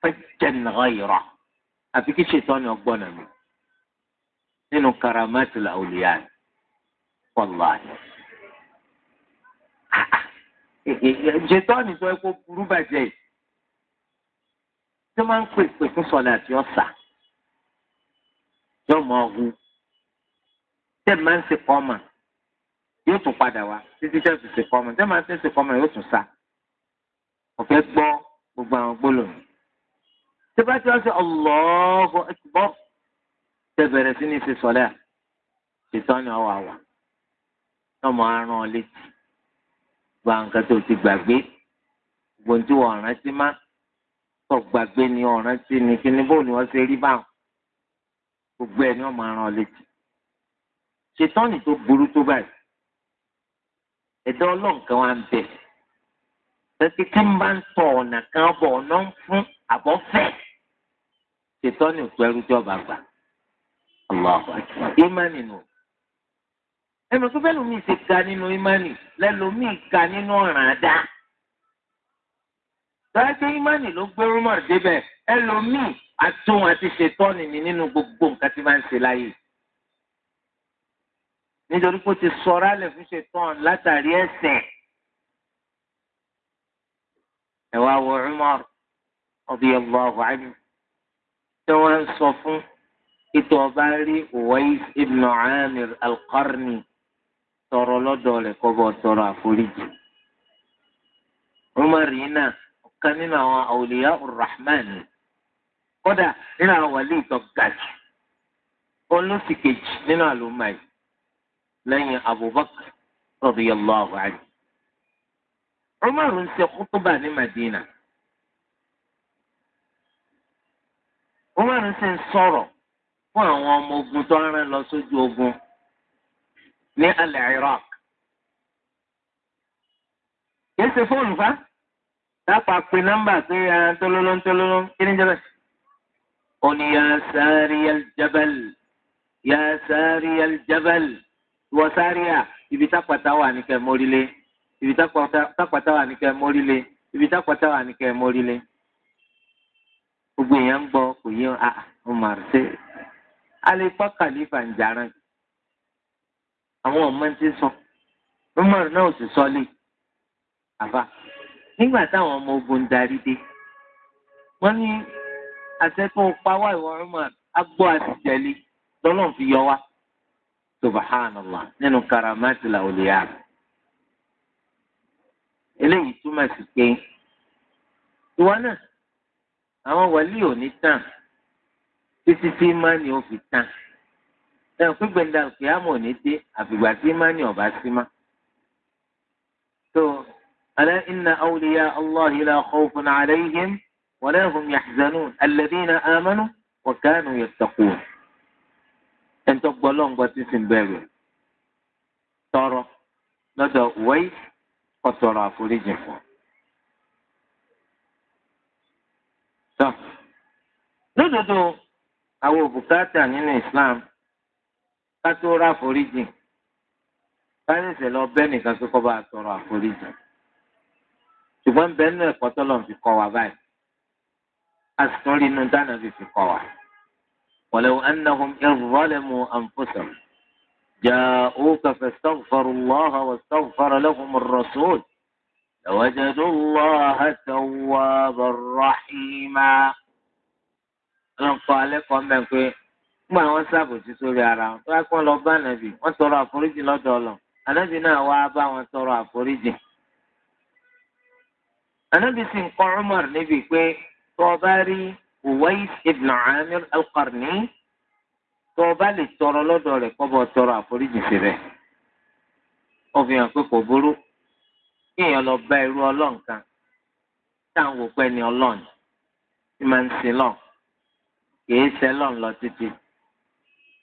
fajjan ghayra àfi kí ṣètọ́nù ọgbọ́n náà mi nínú karamatul awliya wallahi. ṣètọ́nù tó ẹ kó burú bàjẹ́ yìí tó máa ń pèpè fún sọlá àti ọ̀sà yóò máa hu tẹ́ máa ń ṣe kọ́mà yóò tún padà wá títí tẹ́ tún ṣe kọ́mà tẹ́ máa ń ṣe kọ́mà yóò tún sá ọ̀fẹ́ gbọ́ gbogbo àwọn gbólóhùn tí bá ti wá sí Allahu Akbar tẹ́ bẹ̀rẹ̀ sí ní ṣe sọ́lẹ́ à ṣètọ́ ni ọwọ́ àwà tọmọ aràn ọ létí gba nǹkan tó ti gbàgbé gbòǹtì ọ̀ràn sí má tọ gbàgbé ni ọ̀ràn sí ni kí ni bóun ni wọ́n ṣe rí báwọn gbogbo ẹ̀ ni wọ́n máa ràn létí ṣètọ́nì tó burú tó báyìí ẹ̀dá ọlọ́nkan wa ń bẹ̀ tẹ́tí tí ń bá ń tọ̀ ọ̀nà kan bọ̀ ọ̀nà ń fún àbọ̀ fẹ́ ṣètọ́nì òkú ẹrú jọba gbà ìmánì nù ẹnu tó bẹ́ẹ̀ lómi ṣe ga nínú ìmánì lẹ́lómi ga nínú ọ̀ràn àdá tọ́jú ìmánì ló gbé rúmọ̀ débẹ̀ ẹlòmíì àtúnwọ̀n àti ṣètọ́nì ni nínú gbogbo nǹkan tí máa ń ṣe láyé nítorí pé ó ti sọ̀rọ̀ alẹ̀ fún ṣetán látàrí ẹ̀ṣẹ̀. ẹ wá wo Umar radiyallahu anhu tí wọ́n ń sọ fún ètò ọba rí Uwais ibn Amir al-Qarni tọrọ lọ́dọ̀ rẹ̀ kọ́bọ̀ tọrọ àforíjì. Umar yìí náà ọ̀kan nínú àwọn awliya rahman kódà nínú àwọn wàlíì tó olùsìkejì nínú àlùmáyì lẹ́yìn abubakar radiyallahu anhu. umar ń ṣe kútúbà ní madina. umar ń ṣe sọ̀rọ̀ fún àwọn ọmọ ogun tó ń rán lọ sójú ogun ní al-Iraq. kìí ṣe fóònù fa dápà pé nọ́mbà pé ah, tolóló tolóló kí ni jẹ́bẹ̀. ó ní ya sari al-jabal ya sari ìwọ sáré à ibi tápàtà wà ní kẹ mórílé ibi tápàtà wà ní kẹ mórílé ibi tápàtà wà ní kẹ mórílé gbogbo èèyàn ń gbọ́ kò yé ah, a Umar ṣe alẹ kọ kàlífà ń jarán àwọn ọmọ ti sọ Umar náà sì sọlẹ àbá nígbà táwọn ọmọ ogun ń darí dé wọn ní àṣẹ tó pa wá ìwọ Umar agbó àtijẹlé lọlọrun fi yọ wá subhanallah nínú karamati la olùyà eléyìí túmọ̀ sí pé ìwọ náà àwọn wàlí ò ní tàn títí tí mání ò fi tàn ẹ̀rù pípẹ́ ńlá òkè àmọ̀ ní dé àfìgbà tí mání ọ̀bá sí má. tó alẹ́ inna awliya allahi la khawfun alayhim wa hum yahzanun alladhina amanu wa kanu yattaqun ẹnitọ́ gbọ́ lọ́ngbọ́ tí sì ń bẹ̀rù tọrọ lọ́dọ̀ wẹ́ẹ́ ọ̀tọ̀rọ̀ àforíjì fún. lódodo àwọn òbúkátà nínú Islam ká tó rà àforíjì ká ṣẹ̀ṣẹ̀ lọ bẹ́ẹ̀ nìkan tó kọ́ bá tọrọ àforíjì ṣùgbọ́n bẹ́ẹ̀ nínú ẹ̀kọ́ tọ́lọ̀ fi kọ́ wa báyìí a inú dáná fi fi kọ́ wa. ولو أنهم إذ ظلموا أنفسهم جاءوك فاستغفروا الله واستغفر لهم الرسول لوجدوا الله توابا رحيما ọlọ́run kọ́ alẹ́ kọ́ mẹ́rin pé gbogbo àwọn sábòjì sórí ara wọn tó bá pọ́n lọ bá nàbì wọ́n tọrọ àforíjì lọ́dọ̀ ọlọ́ ànábì náà wá bá wọn tọrọ àforíjì. ànábì sì ń kọ́ Umar níbi pé tó o bá rí Uwais ibn Amir al-Qarni tó o bá lè tọrọ lọ́dọ̀ rẹ̀ kọ́ bọ́ tọrọ àforíjì sí rẹ̀. Ó fi hàn pé kò burú kí èèyàn lọ bá irú ọlọ́run kan táwọn wò pé ni ọlọ́run ti máa ń sin lọ́n kìí ṣe lọ́n lọ títí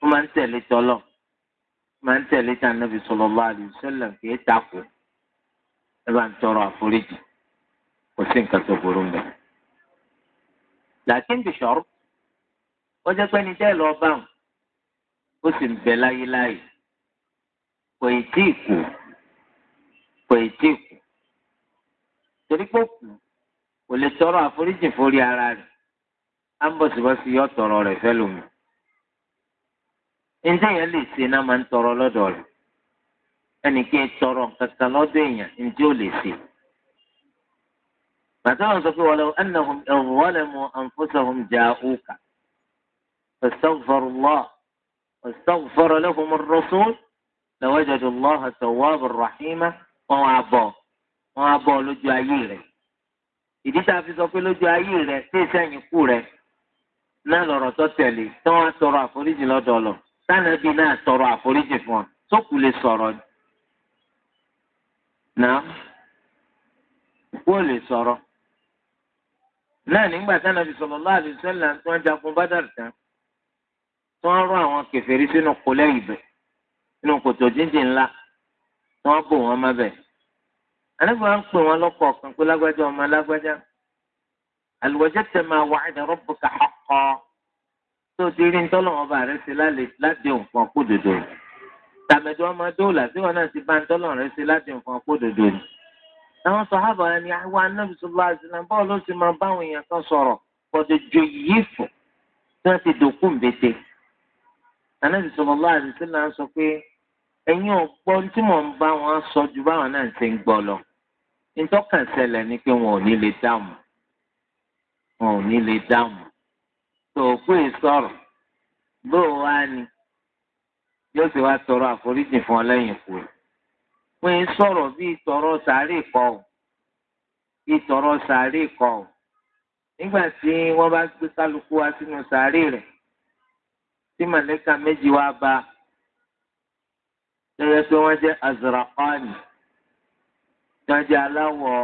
ó máa ń tẹ̀lé tọ́lọ̀ máa ń tẹ̀lé tí Ànábì sallallahu alaihi wasallam kìí takò ẹ bá ń tọrọ àforíjì kò sí nǹkan tó burú mẹ́rin. làákín bí sọ̀rọ̀ ó jẹ́ pé ní jẹ́ lọ bá wọn ó sì ń bẹ láyéláyé kò ì tí ì kù kò ì kù torí pé lè tọrọ àforíjì forí ara á ń bọ̀sibọ́sí yọ tọrọ rẹ̀ fẹ́ lómi ǹjẹ́ yẹn lè ṣe náà máa ń tọrọ lọ́dọ̀ rẹ̀ ẹnì kí n tọrọ kankan lọ́dọ̀ èèyàn فسوف سوف ولو أنهم إن ظلموا أنفسهم جاءوك فاستغفروا الله واستغفر لهم الرسول لوجدوا الله توابا رحيما وهو عباه وهو عباه لجو أييره ìdí tá a fi sọ pé lójú ayé rẹ tí ìsẹ́yìn kú rẹ náà lọ̀rọ̀ tó tẹ̀lé tí wọ́n á tọrọ àforíjì lọ́dọ̀ táwọn ẹbí náà tọrọ àforíjì fún ọ sókù lè sọ̀rọ̀ náà kú lè sọ̀rọ̀ náà nígbà tí anabi sallallahu alaihi wasallam tí wọ́n jagun Badar tán tí wọ́n rọ àwọn kèfèrí sínú kólẹ́ ìbẹ̀ sínú kòtò jíjìn ńlá tí wọ́n bò wọ́n má bẹ̀. anabi wa ń pè wọ́n lọ́kọ̀ kan pé lágbájá ọmọ lágbájá hal wajadta ma wa'ada rabbuka haqqan tó ti rí ntọ́lọ́wọ́n bá rẹ̀ ṣe láti nǹkan kó dodo tàmẹ̀dọ́ ọmọ dóòlà tí wọn náà ti bá ntọ́lọ́wọ́n rẹ̀ ṣe láti nǹkan kó dodo ni àwọn sàhábà ni àwọn anábì sallallahu alaihi wasallam bọ́ọ̀ ló ti máa báwọn èèyàn kan sọ̀rọ̀ bọ́dọ̀ jọ yìí fò tí wọ́n ti dòkú mbété anábì sallallahu alaihi wasallam sọ pé ẹ̀yin ò gbọ́ tí mò ń bá wọn sọ ju báwọn náà ṣe ń gbọ́ lọ ntọ́kàn ni pé wọn ò ní lè dáhùn wọn ò ní lè dáhùn tó o pé bó o wá ni yóò ti wá tọrọ àforíjì fún ọ lẹ́yìn wọ́n ń sọ̀rọ̀ bí ìtọ̀rọ̀ sàárè kọ ọ́ sàárè kọ ọ́ nígbà tí wọ́n bá gbé kálukú wá sínú sàárè rẹ̀ tí màlẹ́kà méjì wá bá lẹ́yìn pé wọ́n jẹ́ azraqani tí wọ́n jẹ́ aláwọ̀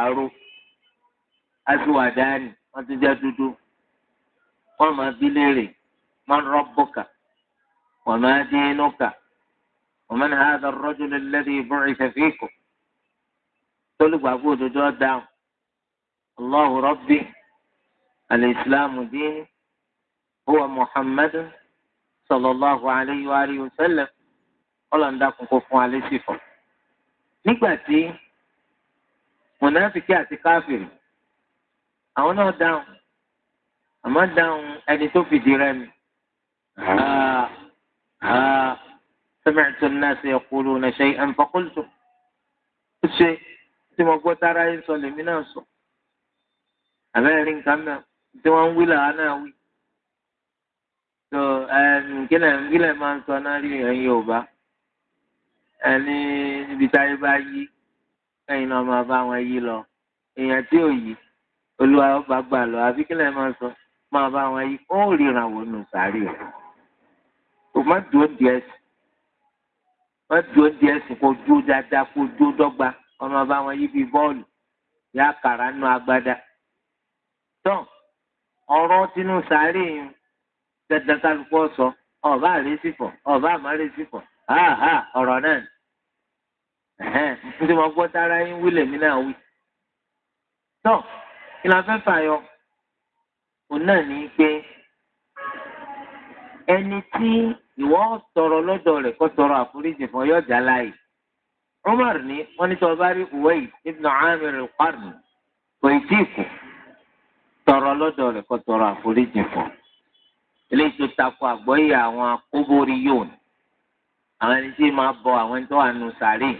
aró aṣíwádàáni wọ́n ti jẹ́ dúdú wọ́n máa bí léèrè man rabbuka wa ma dinuka. ومن هذا الرجل الذي بعث فيكم tólùgbà gbòdo tó dáhùn allahu rabbi alislamu diin huwa muhammad sallallahu alayhi wa alihi wa sallam ọlọ́ndàkùn kò fún alẹ́ sí fún. nígbà tí mùnàfíkì àti káfíìn àwọn náà dáhùn àmọ́ dáhùn ẹni tó fìdí rẹmi. سمعت الناس يقولون شيئا فقلت ṣe tí mo gbọ́ tára yín sọ lèmi náà sọ àbẹ́rẹ́ rí nǹkan mẹ́rin tí wọ́n ń wí làwọn náà wí. tó kílẹ̀ kílẹ̀ máa ń sọ náà rí ẹ̀yin Yorùbá ẹni níbi táyé bá yí ẹ̀yin náà máa bá wọn yí lọ èèyàn tí ò yí olúwa ọba gbà lọ àbí kílẹ̀ máa sọ máa bá wọn yí ó ríran wọnú sàárè rẹ̀ kò má dúró díẹ̀ sí wọ́n ju oúnjẹ ẹ̀sìn kó dúró dáadáa kó dúró dọ́gba ọmọ bá wọn yí bí bọ́ọ̀lù yá kàrá nù agbada. tán ọ̀rọ̀ tinú sáré yìí dandan kálukú sọ ọba àrèsí fọ ọba àmàrèsí fọ háàhá ọ̀rọ̀ náà nítorí wọn gbọ́ tára yín wílẹ̀ mí náà wí. tán kí la fẹ́ fàyọ òun náà ní pé ẹni tí ìwọ sọ̀rọ̀ lọ́dọ̀ rẹ̀ kó sọ̀rọ̀ àforíjì fún ọyọ́ jà láàyè. Umar ní wọ́n ní tí wọ́n bá rí Uwais ibn Amir al-Qarni kò ì tí ì kù sọ̀rọ̀ lọ́dọ̀ rẹ̀ kó sọ̀rọ̀ àforíjì fún. eléyìí tó takò àgbọ́yé àwọn akóbórí yóò ní. àwọn ẹni tí máa bọ àwọn tó wà nù sàárè.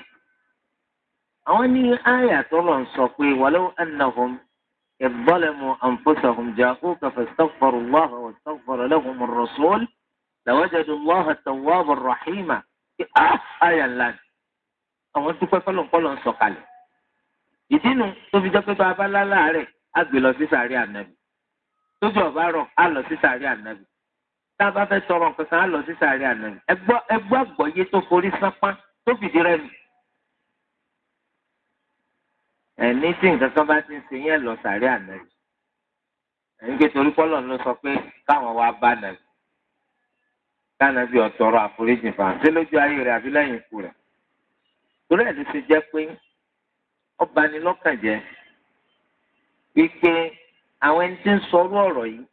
àwọn ní àyà tó lọ sọ pé walau annahum idh zalamu làwajadu Allaha tawwaban rahima kí á àyà ńlá ni àwọn dúpẹ́ fọlọ́nkọ́lọ́ ń sọ̀kalẹ̀ ìdí nu tó fi jẹ́ pé bá a bá lálá rẹ̀ á gbé lọ sí sàárẹ̀ ànábì tójú ọ̀bá rọ̀ á lọ sí sàárẹ̀ ànábì tá a bá fẹ́ tọrọ nǹkan kan á lọ sí sàárẹ̀ ànábì ẹgbọ́ àgbọ̀yé tó forí sápá tó fìdí rẹ̀ nù. ẹni tí nǹkan kan bá ti ń ṣe yẹn lọ sàárẹ̀ ànábì lánàá bí ọ̀tọ̀rọ̀ àforíjì fa ṣé lójú ayé rẹ̀ àbí lẹ́yìn ikú rẹ̀. torí ẹ̀ ló ti jẹ́ pé ọba ni lọ́kàn jẹ́ wípé àwọn ẹni tí ń sọrú ọ̀rọ̀ yìí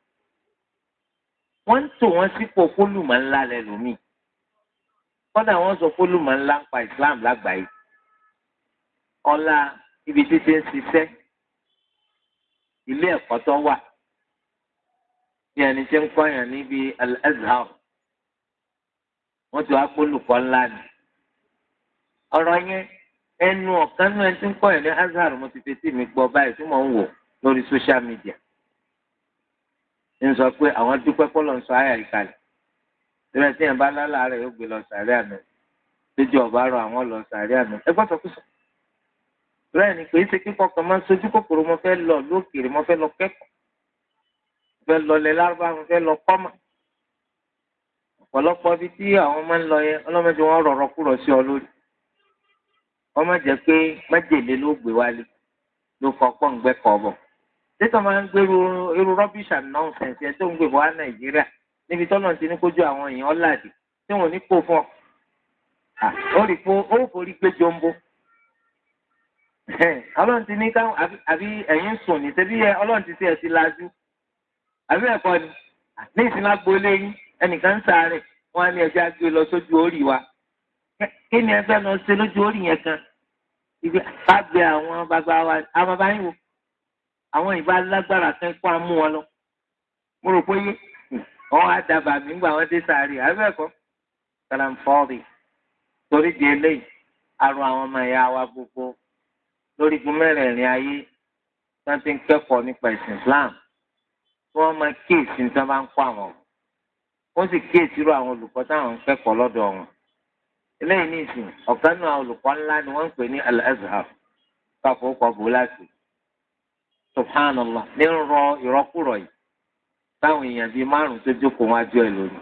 wọ́n ń tò wọ́n sípò kólùmọ̀ ńlá lẹ́lòmíì kọ́dà wọ́n sọ kólùmọ̀ ńlá ń pa Islam lágbàáyé ọlá ibi títí ń ṣiṣẹ́ ilé ẹ̀kọ́ tó wà ní ẹni tí ń kọ́yàn níbi Al-Azhar wọ́n ti wá pólùkọ́ ńlá ni. ọ̀rọ̀ yẹn ẹnu ọ̀kan náà ẹni tí ń kọ́ ẹ̀ ní azhar mo ti fetí mi gbọ́ báyìí tí mò ń wò lórí social media. ń sọ pé àwọn dúpẹ́ pọ́lọ̀ ń sọ ayà ìkàlẹ̀. ìrẹsì yẹn bá lálẹ́ àárẹ̀ yóò gbé lọ sàárẹ̀ àná lójú ọ̀bá rọ àwọn lọ sàárẹ̀ àná ẹ gbọ́dọ̀ kú sọ. bẹ́ẹ̀ ni pé ṣe kíkọ́ kan máa ń sojú kòkòrò mo fẹ́ lọ lókèrè mo fẹ́ lọ kẹ́kọ̀ọ́ mo fẹ́ lọ lẹ́ lárúbá mo fẹ́ lọ kọ́mọ̀ ọ̀pọ̀lọpọ̀ ibi tí àwọn máa ń lọ yẹn ọlọ́mọdé wọn rọ̀rọ̀ kúrọ̀ sí ọ lórí wọ́n má jẹ́ pé májèlé ló gbé wálé ló kọ́ pọ́ǹgbẹ́ kọ́ bọ̀ títọ́ máa ń gbèrú irú rubbish and nonsense ẹ̀ tó ń gbé wá nàìjíríà níbi tọ́nà ti ní kójú àwọn èèyàn láàdì tí wọ́n ní kó fún ọ ó rí pé ó forí gbé jombo ọlọ́run ti ní káwọn àbí ẹ̀yin sùn ní ṣebí ọlọ́run ti ṣe ẹ̀ ti àbí ẹ̀kọ́ ni ní ìsinmi agboolé yín ẹnìkan ń sáré wọn ni ní ẹjẹ àgbè lọ sójú orí wa kí ni ẹ fẹ́ lọ ṣe lójú orí yẹn kan ibi àbẹ àwọn bàbá wa àwọn bàbá yín wò àwọn ìbá lágbára kan kó amú wọn lọ mo rò pé yé wọn á dábàá mi nígbà wọn dé sáré àbẹ́ẹ̀kọ́ kàlàǹfọ́ọ̀rì torí di eléyìí arọ àwọn ọmọ ẹ̀yà wa gbogbo lórí igun mẹ́rẹ̀ẹ̀rin ayé wọn ti ń kẹ́kọ̀ọ́ nípa ẹ̀sìn Islam tí wọ́n máa kíyèsí tí wọ́n bá ń kó àwọn ọ̀gbìn wọ́n sì kíyèsí irú àwọn olùkọ́ táwọn ń kẹ́kọ̀ọ́ lọ́dọ̀ wọn eléyìí ní ìsìn ọ̀kan náà olùkọ́ ńlá ni wọ́n ń pè ní al-azhar káfọ́kọ̀ subhanallah ní ń rọ ìrọ́kùrọ̀ yìí táwọn èèyàn bíi márùn tó jókòó wọn ajọ́ ẹ̀ lónìí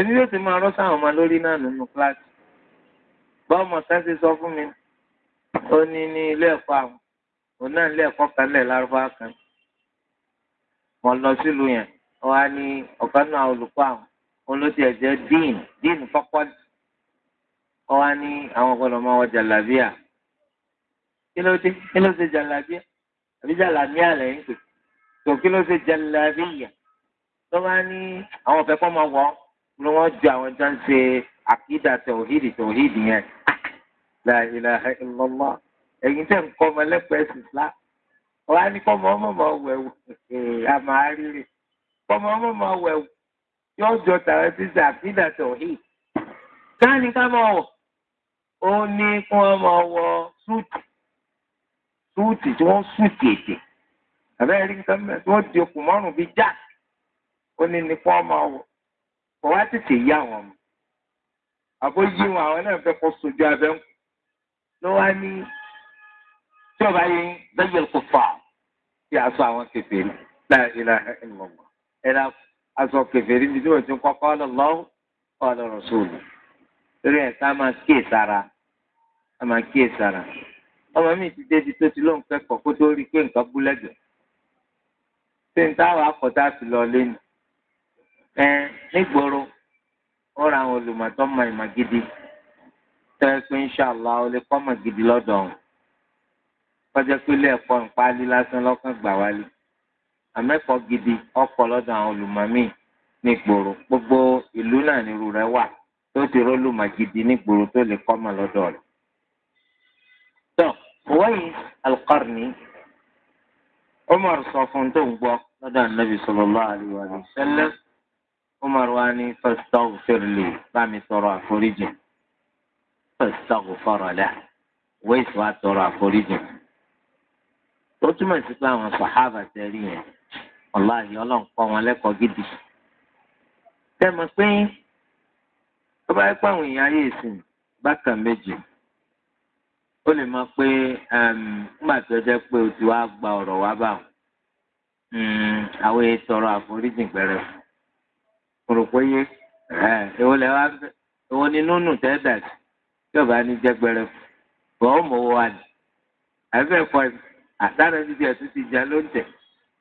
èmi yóò ti máa rọ́ sáwọn ọmọ lórí náà nínú kíláàsì báwọn ọmọ sáà ṣe sọ fún mi ó ní ní ilé ẹ̀kọ́ àwọn òun náà ilé ẹ̀kọ́ kan lẹ̀ lárúbáwá kan mo lọ sílùú yẹn wọn á ní ọ̀kan náà olùkọ́ àwọn olóṣù ẹ̀jẹ̀ dín dín kọ́kọ́ wọn á ní àwọn gbọ́dọ̀ máa wọ jàlábíà kí ló dé kí ló ṣe jàlábíà àbí jàlábíà lẹ́yìn pè tó kí ló ṣe jàlábíà tó bá ní àwọn ọ̀fẹ́ kọ́ máa wọ̀ ni wọ́n ju àwọn jọ ń ṣe àkídà tòhídì tòhídì yẹn la ilaha illallah ẹ̀yin tẹ̀ ń kọ́ ọmọ ẹlẹ́pẹ̀ẹ́sì islam wọn á ní kọ́ ọmọ ọmọ ọmọ wẹ̀wù àmà àrírí ọmọ ọmọ máa wẹ̀ yóò jọ tàwọn sísè àfihàn tòhí káàní ká máa wọ̀ ó ní kí wọ́n máa wọ súùtì súùtì tí wọ́n súùtì ètè àbẹ́rẹ́ rí nǹkan mẹ́rin tí wọ́n di okùn márùn-ún bíi jack ó ní ní kí wọ́n máa wọ̀ kò wá tètè yá wọn mọ́ àbó yí wọn àwọn náà fẹ́ kó sojú abẹ́ ń kú ló wá ní tí ọba yẹn bẹ́ẹ̀ yẹ kó fà á tí a àwọn kékeré láì ilà ẹ̀ ń lọ́wọ́. ẹ̀rọ aṣọ kẹfẹ́rí níbi tí wọ́n ti ń kọ́kọ́ lọ́wọ́ ọ̀dọ̀ máa sára máa sára ọmọ mi ti tó ti lóun kẹ́kọ̀ọ́ kó tó rí i pé nǹkan bú lẹ́gbẹ̀ẹ́ n táwọn akọ̀tà lọ ẹ nígboro ó ra àwọn olùmọ̀tọ́ mọ ìmọ̀ gidi tẹ́ ẹ pé inṣàlá ó lè kọ́ mọ̀ gidi lọ́dọ̀ ọ̀hún àmẹ́kọ̀ọ́ gidi ọ̀pọ̀ lọ́dọ̀ àwọn olùmọ̀mí nígboro gbogbo ìlú náà nírú rẹ̀ wà tó ti rólùmọ̀ gidi nígboro tó lè kọ́ mọ̀ lọ́dọ̀ rẹ̀. tó wáyé alqarni umar sọ fún tó ń gbọ́ lọ́dọ̀ anabi sallallahu alaihi wa sallam umar wa ni fastaghfir li bá mi sọ̀rọ̀ àforíjì fastaghfara lahu wéèsì wa tọrọ àforíjì ó túmọ̀ sí pé àwọn sàhábà tẹ̀lé yẹn ọláyé ọlọ́run kọ́ wọn lẹ́kọ̀ọ́ gidi. tẹ́mọ̀ pé tó bá yẹ pé àwọn èèyàn ayé ìsìn bákan méjì ó lè mọ pé nígbà tó jẹ́ pé o ti wá gba ọ̀rọ̀ wá bá hmm, àwọn ètò ọ̀rọ̀ àforíjìn gbẹrẹ mo rò pé yé èwo lẹ wá ni nínú tẹ́ dà sí tí ní jẹ́ gbẹrẹ bọ́ ọ mọ̀ wá ní àbẹ́fẹ́ àtàrà ti di ẹ̀sùn ti jà lóúnjẹ.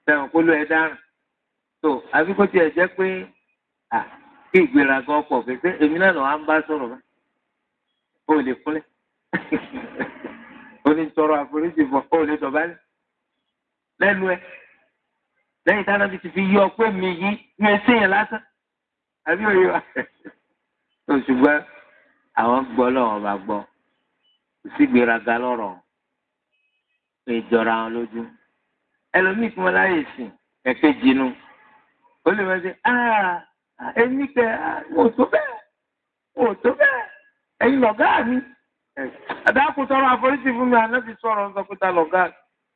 sẹ́wọ̀n kó ló ẹ dáràn tó àbí kó tiẹ̀ jẹ́ pé kí ìgbéraga ọkọ̀ pépé èmi náà lọ́wọ́ á ń bá sọ̀rọ̀ bá ó lè kúnlẹ̀ ó ní tọrọ àforíjì fún ó lè dọ̀bálẹ̀ lẹ́nu ẹ lẹ́yìn táwọn ti fi yí ọpẹ́ mi yí mi ẹ sẹ́yìn lásán àbí òye wa tó ṣùgbọ́n àwọn gbọ́ lọ́wọ́ bá gbọ́ kò sí ìgbéraga lọ́rọ̀ ìjọra wọn lójú ẹlòmíì fún wọn láyè sìn kẹ̀kẹ́ jinú ó lè wọ́n ṣe ẹni ah, kẹ ah, ò tó bẹ́ẹ̀ ò tó bẹ́ẹ̀ ẹ̀yin lọ̀gá mi àdáàkùn tọrọ àforíjì fún mi àná fi sọ̀rọ̀ ńsọkúta lọ̀gá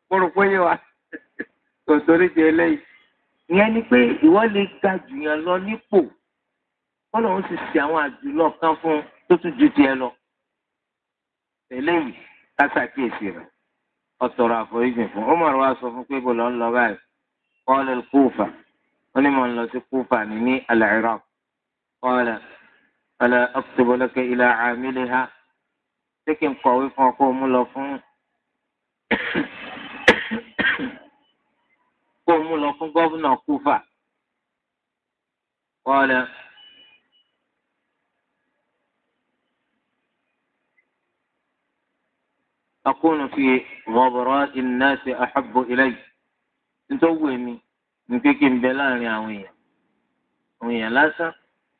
mo rò wa kò sórí ti eléyìí ìyẹn ni pé ìwọ lè ga jù yàn lọ nípò kọ́lọ́hún sì ṣe àwọn àjùlọ kan fún tó tún ju tiẹ̀ lọ eléyìí ká ṣàkíyèsí ọtọrọ àforíjì fún Umar wa sọ fún pé bọlọ ń lọ báyìí qala al-Kufa ó ní mò ń lọ sí Kufa ní ní al-Iraq qala ala aktubu laka ila amiliha ṣé kí n kọ̀wé fún ọ mú lọ fún kó mú lọ fún gọ́vùnà Kufa qala. أكون في غبراء الناس أحب إلي nítorí mi nítorí kí n bẹ láàrin àwọn èèyàn àwọn èèyàn lásán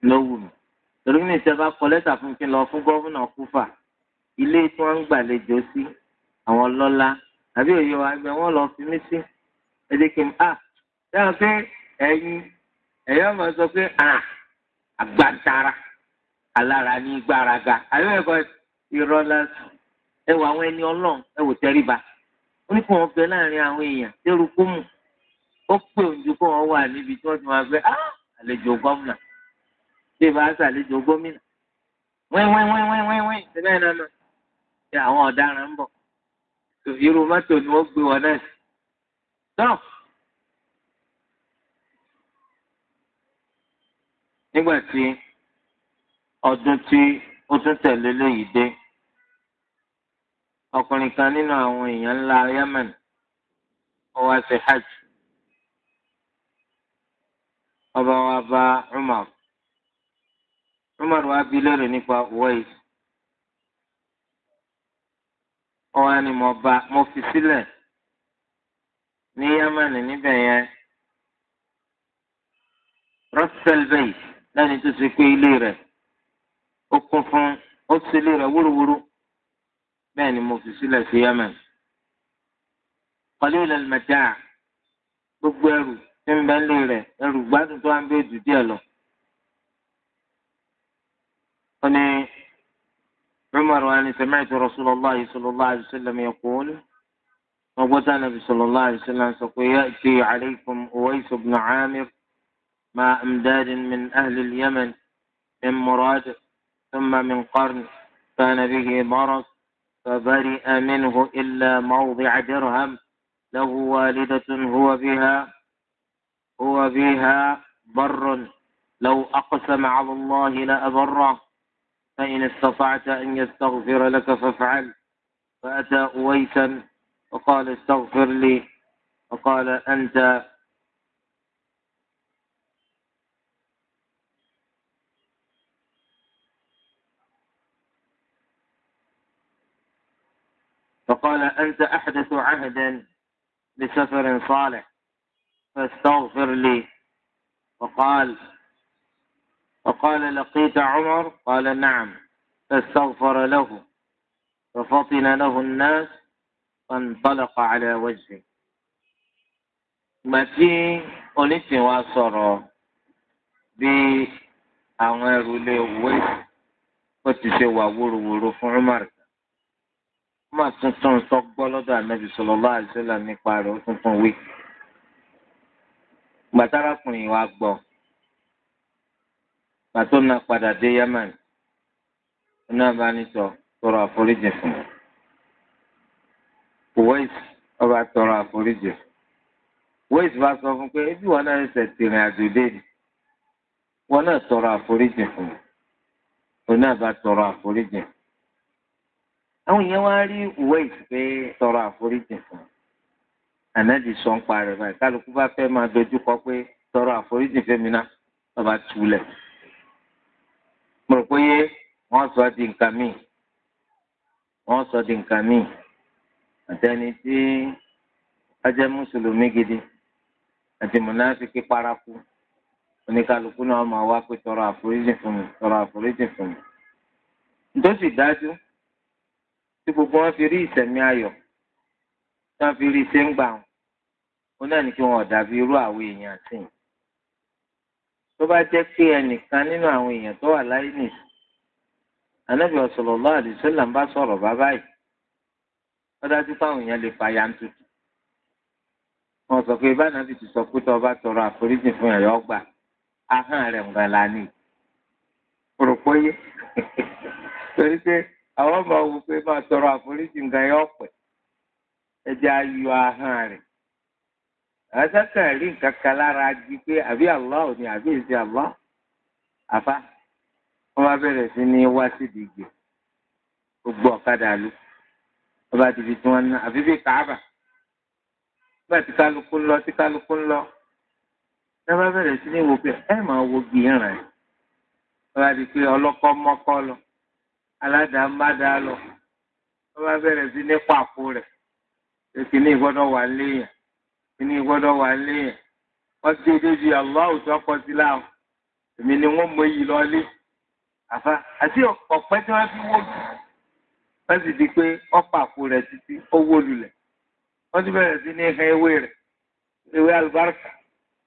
ló wù mí torí mi ìṣẹ́ bá kọ lẹ́tà fún kí n lọ fún gọ́vùnà kúfà ilé tí wọ́n ń gbàlejò sí àwọn ọlọ́lá àbí òye wa ẹgbẹ́ wọn lọ fi mí sí ẹ kí n à dáhùn pé ẹ̀yin ẹ̀yọ́ máa sọ pé àgbàtara alára ní gbáraga àbí ẹ̀kọ́ ìrọ́lá ẹ wọ àwọn ẹni ọlọ́run ẹ wò tẹríba ó ní kí wọ́n bẹ láàrin àwọn èèyàn dérú kó mù ó pè òǹjú kó wọ́n wà níbi tí wọ́n ti máa bẹ ah, àlejò gómìnà bí bá ṣàlejò gómìnà wẹ́wẹ́wẹ́wẹ́wẹ́ ìṣẹ̀lẹ̀ náà nà ṣe àwọn ọ̀daràn ń bọ̀ irú mọ́tò ni wọ́n gbé wọn náà sí. nígbà tí ọdún tí ó tún tẹ̀lé léyìí dé ọkùnrin kan nínú àwọn èèyàn ńlá Yemen ó wá ṣe hajj ọba wa bá Umar Umar wa bi lórí nípa Uwais ó wá ní mo bá mo fi sílẹ̀ ní Yemen níbẹ̀ yẹn rọ́sẹ̀lbẹ̀yì lẹ́ni tó ṣe pé ilé rẹ̀ ó kún fún ó ṣe ilé rẹ̀ wúruwúru. بين مفصلة في اليمن قليل المتاع بقبرو من بلورة الرباط طوام بيت ديالو فني عمر وأنا سمعت رسول الله صلى الله عليه وسلم يقول وقلت النبي صلى الله عليه وسلم سوف يأتي عليكم أويس بن عامر مع أمداد من أهل اليمن من مراد ثم من قرن كان به مرض فبرئ منه إلا موضع درهم له والدة هو بها هو بها بر لو أقسم على الله لأبره فإن استطعت أن يستغفر لك فافعل فأتى أويسا فقال استغفر لي فقال أنت فقال أنت أحدث عهدا بسفر صالح فاستغفر لي وقال وقال لقيت عمر قال نعم فاستغفر له ففطن له الناس فانطلق على وجهه gbàtí onísìn wa sọ̀rọ̀ bí àwọn ẹrù ilé wẹ́ẹ̀sì ó ti ṣe wà wúruwúru fún Umar má tuntun tó gbọ́ lọ́dọ̀ ànábì sallallahu alaihi wasallam nípa rẹ̀ ó tuntun wí. gbàtàràkùnrin wa gbọ́ pàtó náà padà dé Yemen náà bá ní sọ tọrọ àforíjì fún un. Kuwait ọba tọrọ àforíjì Kuwait bá sọ fún pé ebi wọn náà ṣe tìrìn àjò dé ni wọn náà tọrọ àforíjì fún un. òun náà bá tọrọ àforíjì fún un àwọn èèyàn wá rí Uwais pé tọrọ àforíjì fún ànádi sọ ń parẹ báyìí kálukú bá fẹ́ máa dojú kọ pé tọrọ àforíjì fẹ́mi náà lọ́ba túlẹ̀ mo rò pé wọ́n sọ di nǹkan míì wọ́n sọ di nǹkan míì àtẹni tí ajẹ mùsùlùmí gidi àti mùnáfíkì paraku oníkálukú náà máa wá pé tọrọ àforíjì fún mi tọrọ àforíjì fún mi nítòsí dájú tí gbogbo wọn fi rí ìsẹ̀mí ayọ̀ tí wọ́n fi rí iṣẹ́ ń gbà wọn ó náà ní kí wọn ọ̀dà fi irú àwọn èèyàn sí i tó bá jẹ́ pé ẹnìkan nínú àwọn èèyàn tó wà láyé nìyí ànábì sallallahu alaihi wasallam ń bá sọ̀rọ̀ bàbá yìí wọ́n dájú fáwọn èèyàn lè fàyà ń tutù wọ́n sọ pé bánàbì ti sọ pé tọ́ba tọrọ àforíjì fún ẹ̀yọ́ gbà ahọ́n rẹ̀ ń gbà rò pé yé torí pé àwọn ọmọ wù pé máa tọrọ àforíjì nǹkan yọ pẹ̀ ẹjẹ́ ayọ̀ ahọ́n rẹ̀ àtàkà rí nǹkan kan lára jí pé àbí Allah ò ní àbí èsì Allah àfa wọ́n bá bẹ̀rẹ̀ sí ní wá síbi ìgbè gbogbo ọ̀kadà lù wọ́n bá ti fi tí wọ́n ná àbí bí kàábà nígbà tí kálukú ń lọ tí kálukú lọ ẹ bá bẹ̀rẹ̀ sí ní wo pé ẹ máa wo gbìyànjú rẹ̀ wọ́n bá ti fi ọlọ́kọ́ mọ́kọ́ lọ aládàá má dá lọ wọ́n bá bẹ̀rẹ̀ sí ní pàkó rẹ̀ kìíní gbọ́dọ̀ wà léèyàn kìíní gbọ́dọ̀ wà léèyàn wọ́n ti dójú aláwò tó kọ́ sí láwọn èmi ni wọ́n mọ èyí lọ́lé àfa àti ọ̀pẹ tí wọ́n fi wó lù wọ́n sì di pé ọ̀pọ̀ àpò rẹ̀ títí ó wó lulẹ̀ wọ́n ti bẹ̀rẹ̀ sí ní ẹ̀kan ewé rẹ̀ ewé alùbáríkà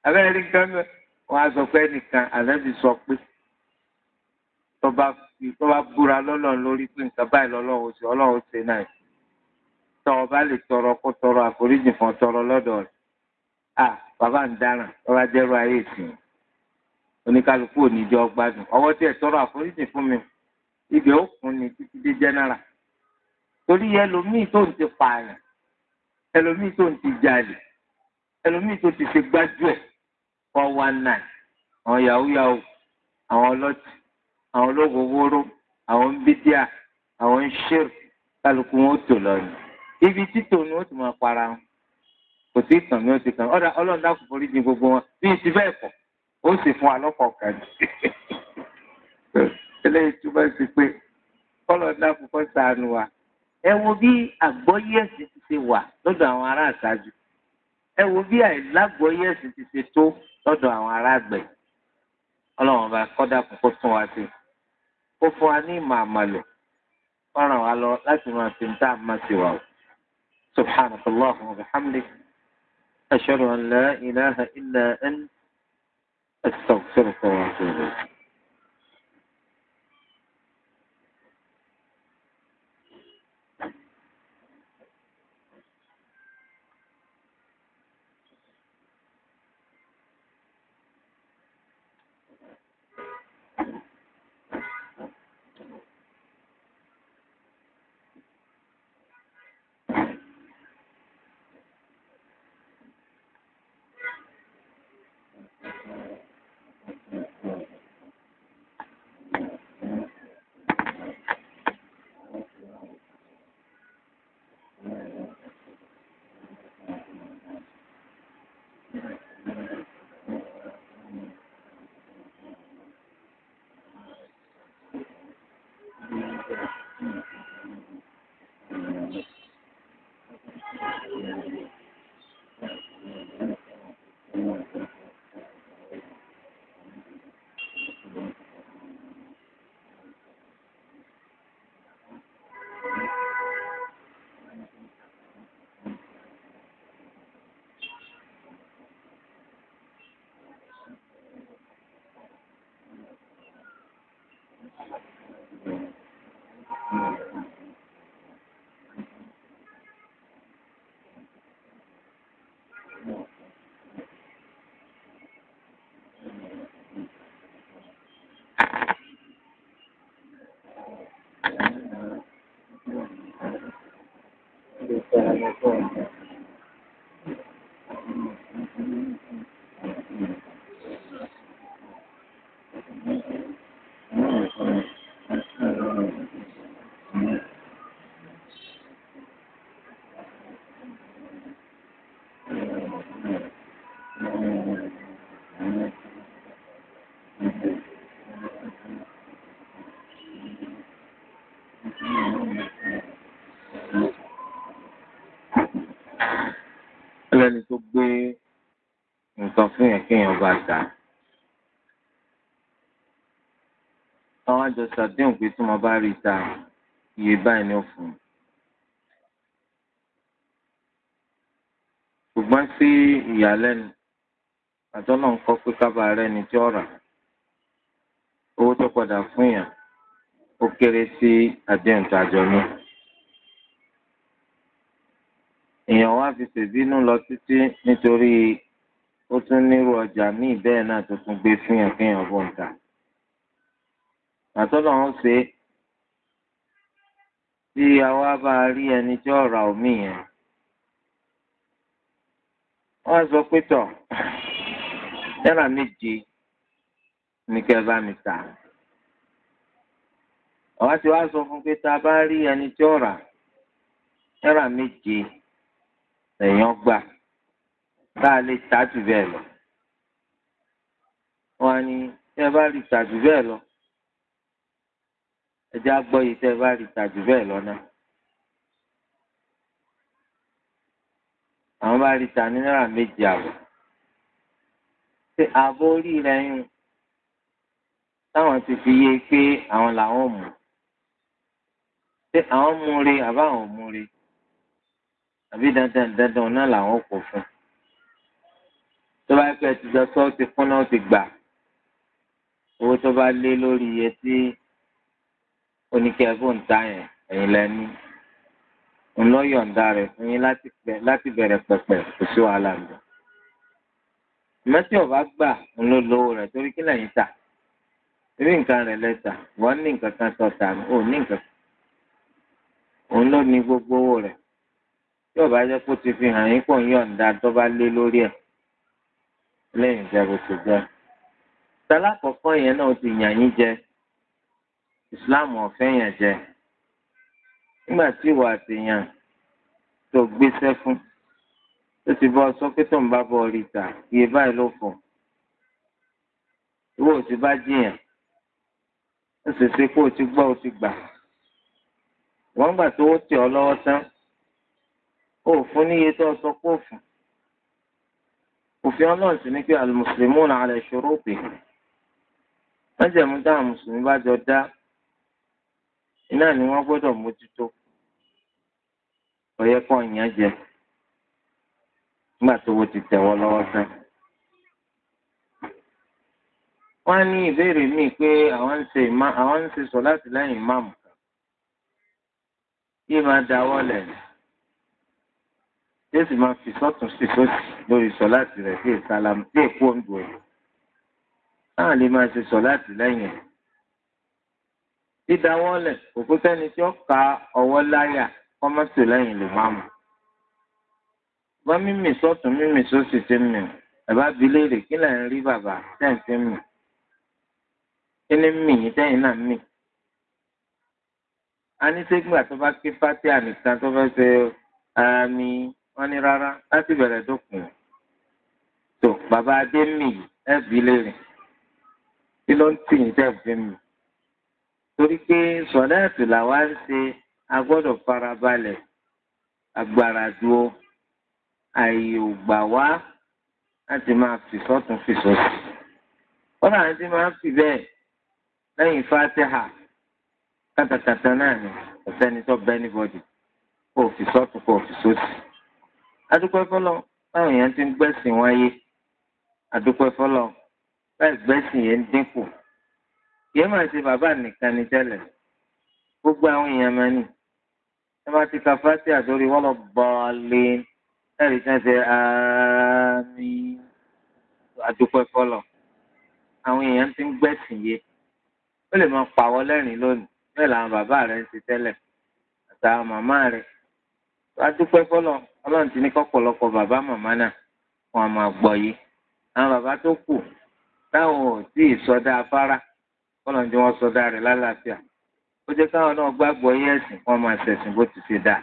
abẹ́rẹ́ ní gángan wọ́n á sọ pé nìkan àlẹ́ ti sọ pé tọ́ba tó bá búra lọ́lọ́run lórí pé nǹkan báyìí lọ́lọ́run ó ṣe ọlọ́run ó ṣe náà tọ́ ọ bá lè tọrọ kó tọrọ àforíjì fún tọrọ lọ́dọ̀ rẹ̀ à bàbá ń dáràn bàbá jẹ́rú ayé ìsìn oníkálukú òníjọ́ gbádùn ọwọ́ tí ẹ̀ tọrọ àforíjì fún mi ibẹ̀ ó kún ni títí dé jẹ́nẹ́rà torí ẹlòmíì tó ń ti pààyàn ẹlòmíì tó ń ti jalè ẹlòmíì tó ti ṣe gbájú ẹ̀ four one àwọn yahoo yahoo àwọn ọlọ́tì àwọn ológun wóró àwọn bídíà àwọn ṣír kálukú wọn ó tò lọ yìí ibi títò ni ó ti máa para wọn kò sí ìtàn mi ó ti kàn ọ́dà ọlọ́run dákun forí di gbogbo wọn bíi ti bẹ́ẹ̀ kọ̀ ó sì fún alọ́kọ̀ kan eléyìí túbọ̀ sí pé kọ́lọ̀ dákun kọ́ sànù wa ẹ wo bí àgbọ́yé ẹ̀sìn ti ṣe wà lọ́dọ̀ àwọn ará àṣáájú ẹ wo bí àìlágbọ́yé ẹ̀sìn ti ṣe tó lọ́dọ̀ àwọn ará àgbẹ̀ ọlọ́run ọba kọ́ dákun kó tún wa sí i. ó fún wa ní ìmọ̀ àmàlò ó ràn wá lọ láti máa fi dá àmà sí wa o subhana allah wa bihamdik ashhadu an la ilaha illa anta astaghfiruka wa atubu Gracias. lẹ́ni tó gbé nǹkan fún yẹn kéèyàn bá ta. àwọn àjọ sàdéhùn pé tí mo bá rí ta iye báyìí ni ó fún un. ṣùgbọ́n sí ìyàlẹ́nu àtọ́nà ń kọ́ pé kábà rẹ̀ ni tí ó rà owó tó padà fún yàn ó kéré sí àdéhùn tàjọ náà. èèyàn wá fi ṣèbínú lọ títí nítorí ó tún nírú ọjà míì bẹ́ẹ̀ náà tó tún gbé fún yàn kéèyàn bò ń tà. àtọ́nà wọn ṣe tí àwa bá rí ẹni tí ó ra omi yẹn. wọ́n sọ pé tọ̀ náírà méje ní kẹ́ bá mi tà. àwa ti wá sọ fún pé tá a bá rí ẹni tí ó rà náírà méje lẹ́yìn ọgbà tá a lè ta jù bẹ́ẹ̀ lọ. wọ́n á ní tẹ́ bá rí ta jù bẹ́ẹ̀ lọ ẹjẹ́ àgbọ̀ yìí tẹ́ bá rí ta jù bẹ́ẹ̀ lọ náà. àwọn bá rí ta ní náírà méjì àbọ̀. ṣé ààbò orí rẹ̀ yún táwọn ti fi yé e pé àwọn làwọn mú ṣé àwọn mú re àbáwọn mú re àbí dandan dandan náà làwọn kò fún un tó bá pẹ́ ti jọ sọ ti fún náà ti gbà owó tó bá lé lórí iye tí oníkẹ́fọ́n ta yẹn ẹ̀yìn lẹ́ni ńlọ́yọ̀ǹda rẹ̀ fún yín láti bẹ̀rẹ̀ pẹ̀pẹ̀ kò sí wàhálà ń bọ̀ mẹ́tí ọ̀bá gbà ń lò lówó rẹ̀ torí kí lẹ́yìn ta irú nǹkan rẹ̀ lẹ́ta wọ́n ní nǹkan kan tọ̀ tà ní nǹkan òun ló ní gbogbo owó rẹ̀ yóò bá jẹ́ kó ti fi hàn yín pọ̀ yọ̀ǹda tó bá lé lórí ẹ̀ lẹ́yìn ìjẹ́bù tó jẹ́. sálákọ̀ọ́kọ́ yẹn náà ti yàn yín jẹ ìsìláàmù ọ̀fẹ́ yẹn jẹ nígbà tí ìwà àtìyàn tó gbéṣẹ́ fún tó ti bọ́ sọ pé tó ń bá bọ́ rí ta iye báyìí ló fọ̀ ìwọ ò ti bá jiyàn ó sì ṣe pé o ti gbọ́ o ti gbà wọ́n gbà tó ó tẹ̀ ọ́ lọ́wọ́ tán òfun ní iye tó sọ pé òfun òfin ọlọ́run sì ní pé al-muslimuna ala shurutihim wọ́n jẹ̀mú táwọn mùsùlùmí bá jọ dá iná ni wọ́n gbọ́dọ̀ mójútó ọ̀yẹ́ kọ́ ìyẹn jẹ nígbà tó wo ti tẹ̀wọ́ lọ́wọ́ fẹ́. wọ́n á ní ìbéèrè míì pé àwọn ń ṣe sọ láti lẹ́yìn ìmáàmù kan yìí máa dáwọ́ lẹ̀ ní yóò sì máa fi sọ́tún sí sọ́tì lórí sọ́láàtì rẹ̀ sí ìsàlámù sí èkó òǹdó ẹ̀. náà lè máa ṣe sọ́láàtì lẹ́yìn ẹ̀. dídáwọ́lẹ̀ òkú sẹ́ni tí ó ka ọwọ́ láyà kọ́mọ́sì lẹ́yìn lè máa mọ̀. bá mímì sọ́tún mímì sósì ti mì bàbá bi léèrè kí lẹ̀ rí bàbá tẹ̀ fi mì. kí ni mì yín tẹ́yìn náà mì. a ní sẹ́gbà tó bá ké fátíà nìkan tó fẹ́ ṣe àmì wọ́n ní rárá láti bẹ̀rẹ̀ dókun tó bàbá adé mì ẹbí léèrè tí ló ń tì yín tẹ̀sí mi torí pé sọ̀dáàtì làwa ń ṣe a gbọ́dọ̀ farabalẹ̀ agbára dúró àyè ò gbà wá láti máa fi sọ́tún fi sọ́tún wọ́n náà ti máa ń fi bẹ́ẹ̀ lẹ́yìn fatiha kátàkátà náà ni ọ̀sẹ́ni tó bẹ́ẹ̀ níbọ̀dì kó o fi sọ́tún kó o fi sọ́tún adúpẹ́ fọlọ́ báwọn èèyàn ti ń gbẹ̀sìn wáyé adúpẹ́ fọlọ́ báyìí gbẹ̀sìn yẹn ń dínkù yẹn máa ṣe bàbá nìkan ni tẹ́lẹ̀ gbogbo àwọn èèyàn máa nì ẹ máa ti ka fásitì àdórí wọ́n lọ bọ́ọ̀lì ẹ̀rí tí wọ́n ṣe àmì adúpẹ́ fọlọ́ àwọn èèyàn ti ń gbẹ̀sìn yé ó lè máa pàwọ́ lẹ́rìn lónìí bẹ́ẹ̀ làwọn bàbá rẹ̀ ń ṣe tẹ́lẹ̀ àtàwọn màmá rẹ̀ adúpẹ́ fọlọ́ ọlọ́run ti ní kọ́pọ̀lọpọ̀ bàbá màmá náà wọn máa gbọ́ yìí àwọn bàbá tó kù táwọn ò tí ì sọdá afárá kọ́lọ̀ ní wọ́n sọdá rẹ̀ lálàáfíà ó jẹ́ káwọn náà gbàgbọ́ yẹ̀sìn wọn máa ṣẹ̀sìn bó ti ṣe dáa.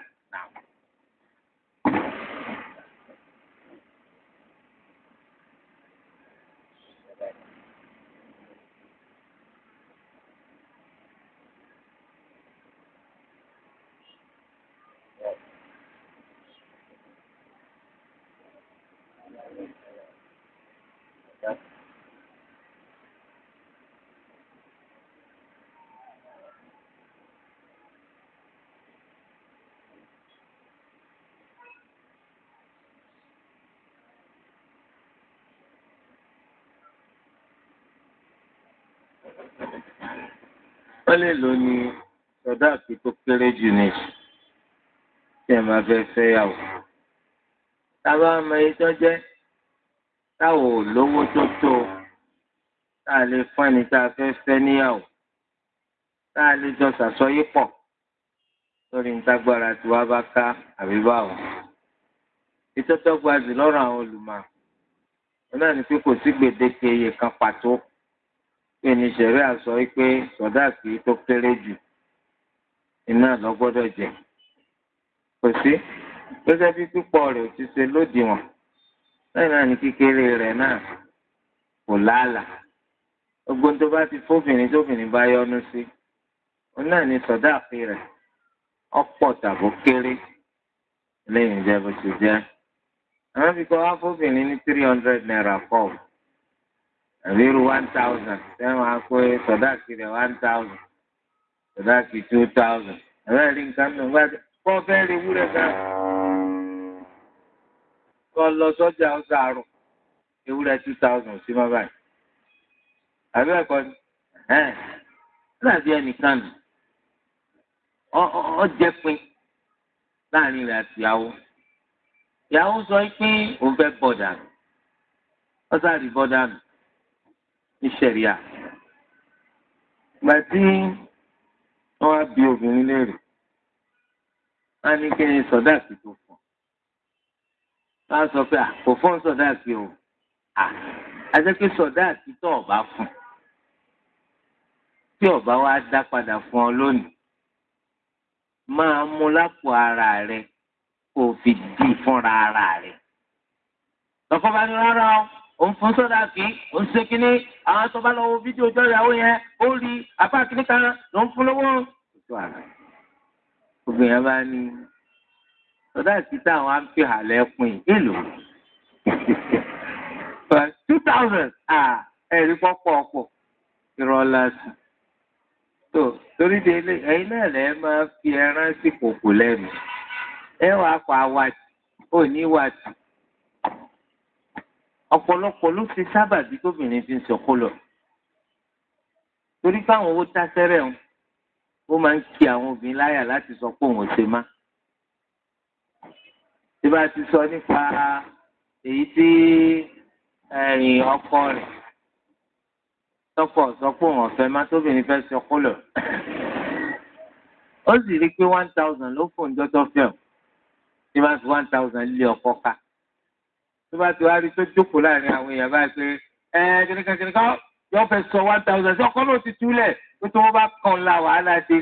wọ́n lè lò ní sọ̀dá àti tó kéré jù ní tí ẹ̀ máa fẹ́ fẹ́ yàwó. táwa ọmọ ìjọ jẹ́ táwọn ò tó tó tá a lè fún ẹni tá a fẹ́ fẹ́ níyàwó tá a lè jọ sàsọyé pọ̀ lórí ntagbára tí wàá bá ká àbí báwo. ìtọ́tọ́ gbajù lọ́rọ̀ àwọn olùmọ̀ ọ̀nà ni pé kò sí gbèdéke iye kan pàtó ìníṣẹ̀rí àsọ pé sọ̀dáàkì tó kéré jù iná lọ gbọ́dọ̀ jẹ kò sí gẹ́gẹ́ bí pípọ̀ rẹ̀ ò ti ṣe lódiwọ̀n lẹ́yìn náà ní kékeré rẹ̀ náà kò láàlà gbogbo tó bá ti fóbìnrin tóbìnrin bá yọnu sí òun náà ní sọ̀dáàkì rẹ̀ ọ̀pọ̀ tàbó kéré lẹ́yìn ìjẹ́ jẹ́ àwọn fi kọ́ wá fóbìnrin ní three hundred naira kọ́ọ̀bù àbí irú one thousand sẹ́wọ̀n á pé sọ̀dáàkì rẹ̀ one thousand sọ̀dáàkì two thousand ẹ̀rọ ẹ̀rí nǹkan nù bá kọ́ fẹ́ rí ewúrẹ́ gan kọ́ lọ sọ́jà ọ̀sà àrùn ewúrẹ́ two thousand sí má báyìí àbí ẹ̀kọ́ ni ẹ̀ẹ́n láti ẹnìkan nù ọ jẹ́ pin láàrin rẹ̀ àti ìyàwó ìyàwó sọ pé òun fẹ́ bọ̀dà nù ọ̀sà rí bọ̀dà nù ní ṣẹ̀ríà. Ìgbà tí wọ́n wá bí obìnrin léèrè, wọ́n ní kí ni sọ̀dáàkì tó fún. Wọ́n á sọ pé kò fún sọ̀dáàkì o. Àjẹ́ pé sọ̀dáàkì tó ọ̀bá fún. Tí ọ̀bá wá dá padà fún ọ lónìí, máa mú lápò ara rẹ̀ kó fi dì fúnra ara rẹ̀. Lọ́kọ́ bá ní rárá o òun fún sọ́dà kí òun ṣe kínní àwọn tó bá lọ wo fídíò ọjọ́ ìyàwó yẹn ó rí apá kínní kan ló ń fún lọ́wọ́. obìnrin yẹn bá ní sọ́dà kí táwọn á fi hàlẹ́ pin èlò two thousand ẹ̀rí pọ́pọ́ ọ̀pọ̀ ìrọ̀lá sí tó torí de ilé ẹ̀yin náà lẹ máa fi ẹran sí kòkò lẹ́nu ẹ wàá pa wàtí ò ní wàtí ọ̀pọ̀lọpọ̀ ló fi sábàbí tóbìnrin fi ń sọ̀kó lọ. torí káwọn owó tá sẹ́rẹ̀ ń ó máa ń kí àwọn obìnrin láyà láti sọ pé òun ò ṣe má. tí bá ti sọ nípa èyí tí ẹ̀yìn ọkọ rẹ̀ tọkọ sọ pé òun ọ̀fẹ́ má tóbìnrin fẹ́ sọ̀kó lọ. ó sì rí i pé one thousand ló fòun jọ́jọ́ fẹ́ o tí bá fi one thousand lé ọkọ ká tó bá ti wá rí tó jókòó láàrin àwọn èèyàn bá ṣe ẹ kìnìkan yóò fẹ́ sọ one thousand sí ọkọ lóò ti túlẹ̀ tó tó wọ́n bá kàn la wàhálà dé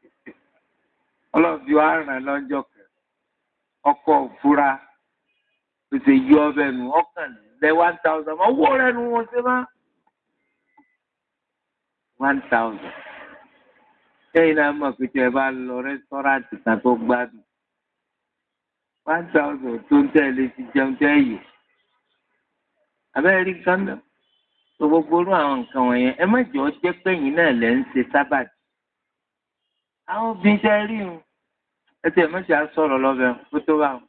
ọlọ́ọ̀bí wa ràn lọ́jọ́ kan ọkọ̀ òfura tó ṣe yí ọbẹ̀ nù ọkàn lẹ one thousand owó rẹ nu wọn ṣe má one thousand ṣé iná mọ̀ pé tí ẹ bá lọ rẹ́sítọ́rántì kan tó gbádùn one thousand tó ń tẹ̀lé ti jẹun tẹ́ yìí abẹ́rẹ́ rí nǹkan náà tó gbogbo orú àwọn nǹkan wọ̀nyẹn ẹ má jọ jẹ́ pẹ́yìn náà lẹ́ ń ṣe sábàtì àwọn obìnrin tẹ́ rí un ẹ tẹ̀ mọ́ sí asọ̀rọ̀ lọ́bẹ̀ kó tó bá wọn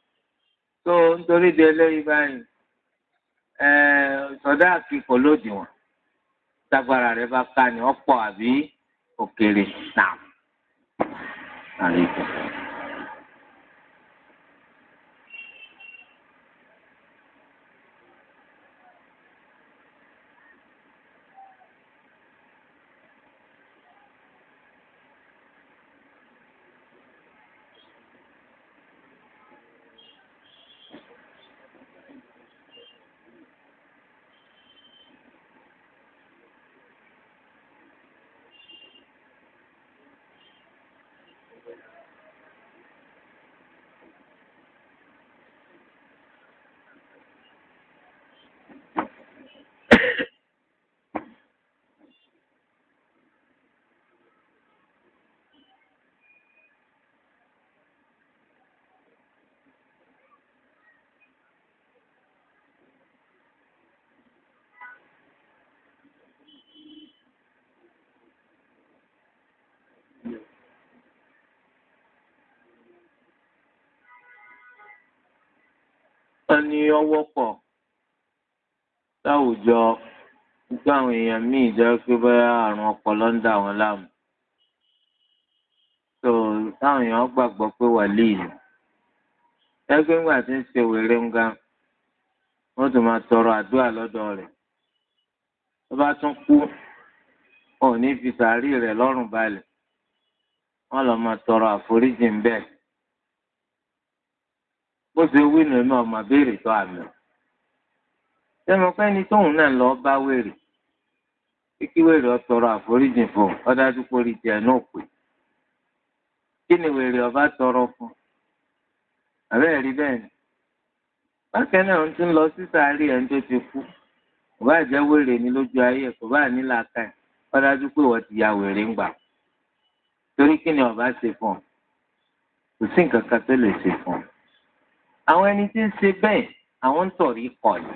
tó nítorí di ẹlẹ́yìí báyìí ẹ̀ sọ̀dá lòdì wọn tágbára rẹ̀ bá ká ni ọ̀pọ̀ àbí òkèèrè náà. wọ́n ní ọwọ́ pọ̀ láwùjọ nígbà àwọn èèyàn míì jẹ́ pé bóyá àrùn ọpọlọ ń dà wọ́n láàmú. tó táwọn èèyàn gbàgbọ́ pé wàlí yìí ẹgbẹ́ ńgbà tí ń ṣe wèrè ń ga wọ́n tún máa tọrọ àdúrà lọ́dọ̀ rẹ̀ tó bá tún kú ò ní fi sàárì rẹ̀ lọ́rùn balẹ̀ wọ́n lọ máa tọrọ àforíjì ń bẹ́ẹ̀ bó ṣe wí nù ẹ̀mí ọmọ béèrè tó àmì ọ̀. sẹ́mi pé ẹni tóun náà lọ bá wèrè kíkí wèrè ọ̀tọ̀rọ̀ àforíjì fún ọ̀dájú pórí jẹ náà pè. kí ni wèrè ọba tọrọ fún? àbẹ́ẹ̀ rí bẹ́ẹ̀ ni. bákan náà ń tún lọ sí sáré ẹni tó ti kú. kò bá jẹ́ wèrè ní lójú ayé kò bá ní làákàn ọ̀dájú pé wọ́n ti ya wèrè ń gbà. torí kí ni ọba ṣe fún ọ? kò sí nǹkan kan tó lè ṣe fún ọ àwọn ẹni tí ń ṣe bẹ́ẹ̀ àwọn ń tọ̀rí kọ̀ ni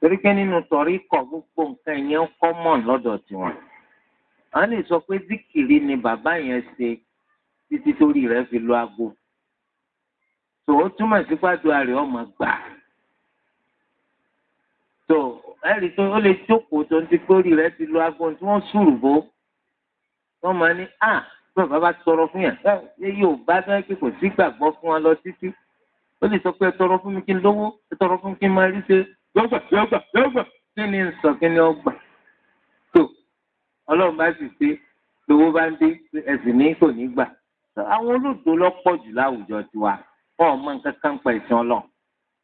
torí pé nínú tọ̀rí kọ̀ gbogbo nǹkan yẹn ń kọ́ mọ̀ lọ́dọ̀ tiwọn à ń lè sọ pé zikiri ni bàbá yẹn ṣe títí torí rẹ̀ fi lo aago tó o túmọ̀ sí pàdúrà rẹ̀ ọmọ gbà tó ẹ̀rí tó o lè jókòó tó ń ti torí rẹ̀ ti lo aago tí wọ́n sùrù bó wọ́n máa ní à ah, bàbá bá tọrọ fún yàn ẹ yóò bá fẹ́ pé kò sí gbàgbọ́ fún wọn lọ títí ó lè sọ pé ẹtọrọ fún mi kí n lówó ẹtọrọ fún mi kí n máa rí ṣe yọgbà yọgbà yọgbà kí ni n sọ kí ni ọgbà tó ọlọ́run bá sì ṣe lówó bá ń dé ẹ̀sìn ní kò ní gbà àwọn olóògbé lọ́pọ̀ jù láwùjọ tiwa wọn ò mọ nǹkan kan pa ìsìn ọlọ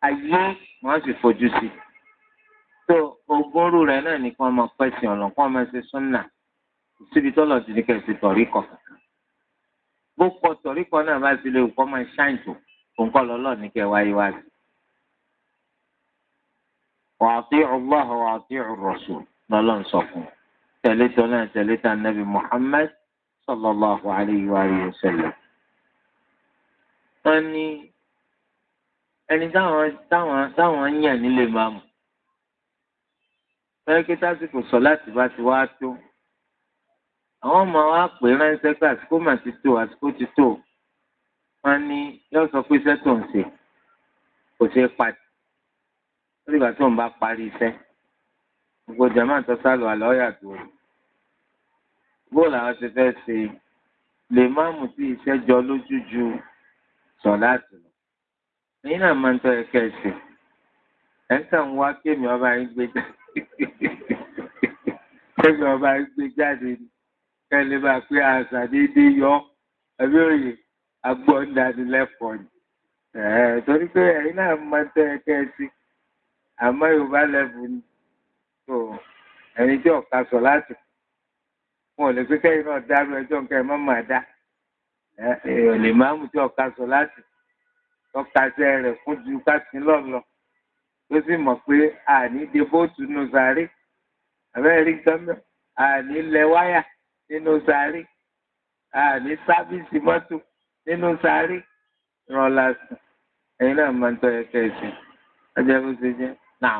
ayé wọn sì fojú sí i tó oògùn orú rẹ náà ní kí wọn máa pẹ ìsìn ọlọ kí wọn máa ṣe súnà síbi tọ́lọ̀ ti ní kẹ̀sì tọ̀ríkọ̀ bó kọ tọ̀ríkọ̀ náà bá ti lè kọ́ máa ṣáìtò òǹkọ́ lọ́lọ́ ní kẹ́ wáyé wá sí. wàásù Allah wàásù Rasul lọ́lọ́ ń sọ fún un tẹ̀lé tọ́lá tẹ̀lé tà nàbì Muhammad sallallahu alayhi wa sallam. wọ́n ní táwọn táwọn táwọn yàn nílé máa mú. pẹ́ẹ́kí tásìkò sọ láti bá ti wá tó. àwọn ọmọ wa pè ránṣẹ́ pé àsìkò mà tó àsìkò ti tó wọn ní yóò sọ pé iṣẹ́ tó ń ṣe kò ṣeé parí lórí ìgbà tó ń bá parí iṣẹ́ gbogbo jama tó sálọ àlọ́ yàtọ̀ bóòlù àwọn ti fẹ́ ṣe lè má mú sí iṣẹ́ jọ lójú ju sọ̀láàtì lọ ẹ̀yin náà máa ń tọ́ ẹ̀kẹ́ ẹ̀sìn ẹ̀ ń kàn wá kémi ọba yín gbé jáde kémi ọba yín gbé jáde kẹ́lẹ́ bá pé àṣà déédéé yọ ẹ̀mí òye agbọ́ndánilẹ́kọ̀ọ́ ni torí pé ẹ̀yin náà mọ tẹ́ ẹ kẹ́ ẹ sí àmọ́ yorùbá lẹ́bù ni tó ẹni tí ọ̀ka sọ láti wọn ò lè pé kẹ́yìn náà dárú ẹjọ́ nǹkan ẹ̀ má máa dá èèyàn lè máa mú tí ọ̀ka sọ láti tọ́ka sí rẹ̀ fún ju káṣí lọ́lọ́ tó sì mọ̀ pé àní de bóòtù nù sáré abẹ́rẹ́ gánmẹ́ àní lẹ wáyà nínú sáré àní sábìsì mọ́tò nínú sáré rọlá sí ẹ̀yin náà máa ń tọ́ ẹ̀kẹ́ ẹ̀sìn ọjọ́ bó ṣe jẹ́ náà.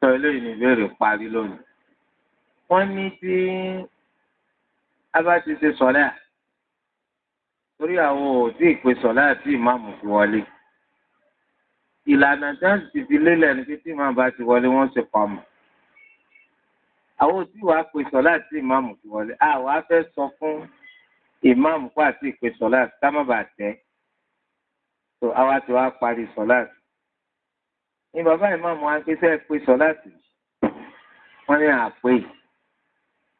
sọ eléyìí ní ìbéèrè parí lónìí. wọ́n ní tí a bá ti ṣe sọ̀lá torí àwọn ò tí ì pe sọ̀lá àti ìmáàmù fi wọlé. ìlànà dáhùn ti fi lélẹ̀ ní pé tí ìmáàmù bá ti wọlé wọ́n ṣe pamọ́. àwọn ò tí wàá pe sọ̀lá àti ìmáàmù fi wọlé. àwa fẹ́ sọ fún ìmáàmù kó àti ìpe sọ̀lá tẹ́. àwa ti wá parí sọ̀lá àti ni bàbá ìmáàmù wa pé sẹ́ẹ̀ pé sọ láti wọ́n ní àpè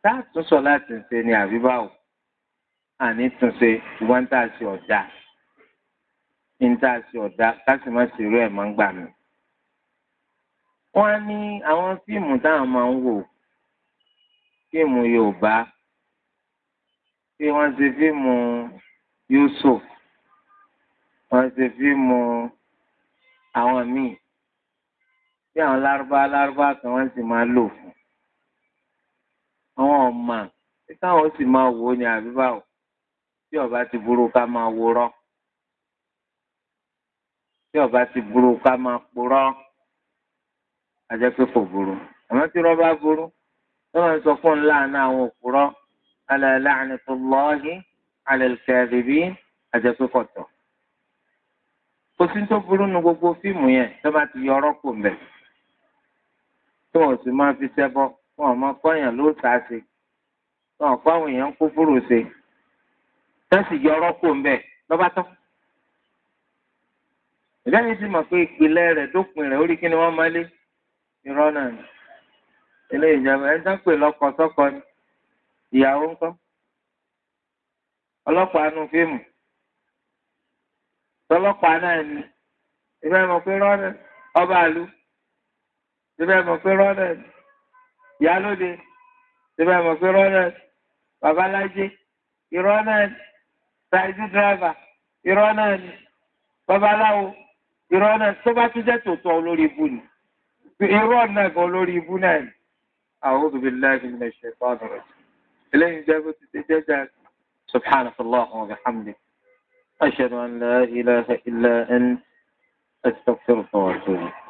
táàtún sọ láti ṣe ni àbíbáwò àní túnṣe ìwọ́n tá a ṣe ọ̀dà ń tá a ṣe ọ̀dà kásìmọ́sì rẹ̀ máa ń gbà mí. wọ́n á ní àwọn fíìmù táwọn máa ń wò fíìmù Yorùbá tí wọ́n ṣe fíìmù Yusuf wọ́n ṣe fíìmù àwọn míì àwọn lárúbá lárúbá kan wọ́n sì máa lò fún àwọn ọmọ tí káwọn sì máa wò ó ní àbíbá o tí ọba ti burú ká máa wòrọ tí ọba ti burú ká máa purọ́ àjẹpẹ́ kò burú àmọ́ tí rọ́bà burú wọ́n máa ń sọ fún láàánú àwọn òpùrọ́ ala la'natullahi ala al-kadhibin àjẹpẹ́ kọ̀tọ̀. kò sí tó burú nu gbogbo fíìmù yẹn tó bá ti yọ ọ̀rọ̀ kò mẹ́rin tí wọn sì máa fi ṣẹbọ wọn ò máa kọyàn ló sá ṣe wọn ò kọ àwọn èèyàn kó fúrò ṣe tẹsí yọ ọrọpò ńbẹ lọba tán ìdáni sì mọ̀ pé ìpìlẹ̀ rẹ̀ dópin rẹ̀ orí kí ni wọ́n máa lé irọ́ náà ni ilé ìjọba ẹni tó ń pè lọ́kọ sọ́kọ ni ìyàwó ńkọ́ ọlọ́pàá nu fíìmù tọlọ́pàá náà ni ìfẹ́ mọ̀ pé rọ́ọ̀nù ọba àlù síbẹ̀ mọ̀ pé ronald yálóde síbẹ̀ mọ̀ pé ronald babalájí ìronald taxi driver ìronald babaláwo ìronald tó bá tún jẹ́ tòótọ́ olórí ibú ni ìronald kan olórí ibú náà ni àwọn obìnrin láti ní ẹ̀ṣẹ̀ fáwọn ọ̀rọ̀ eléyìí أشهد أن لا إله إلا أنت أستغفرك وأتوب إليك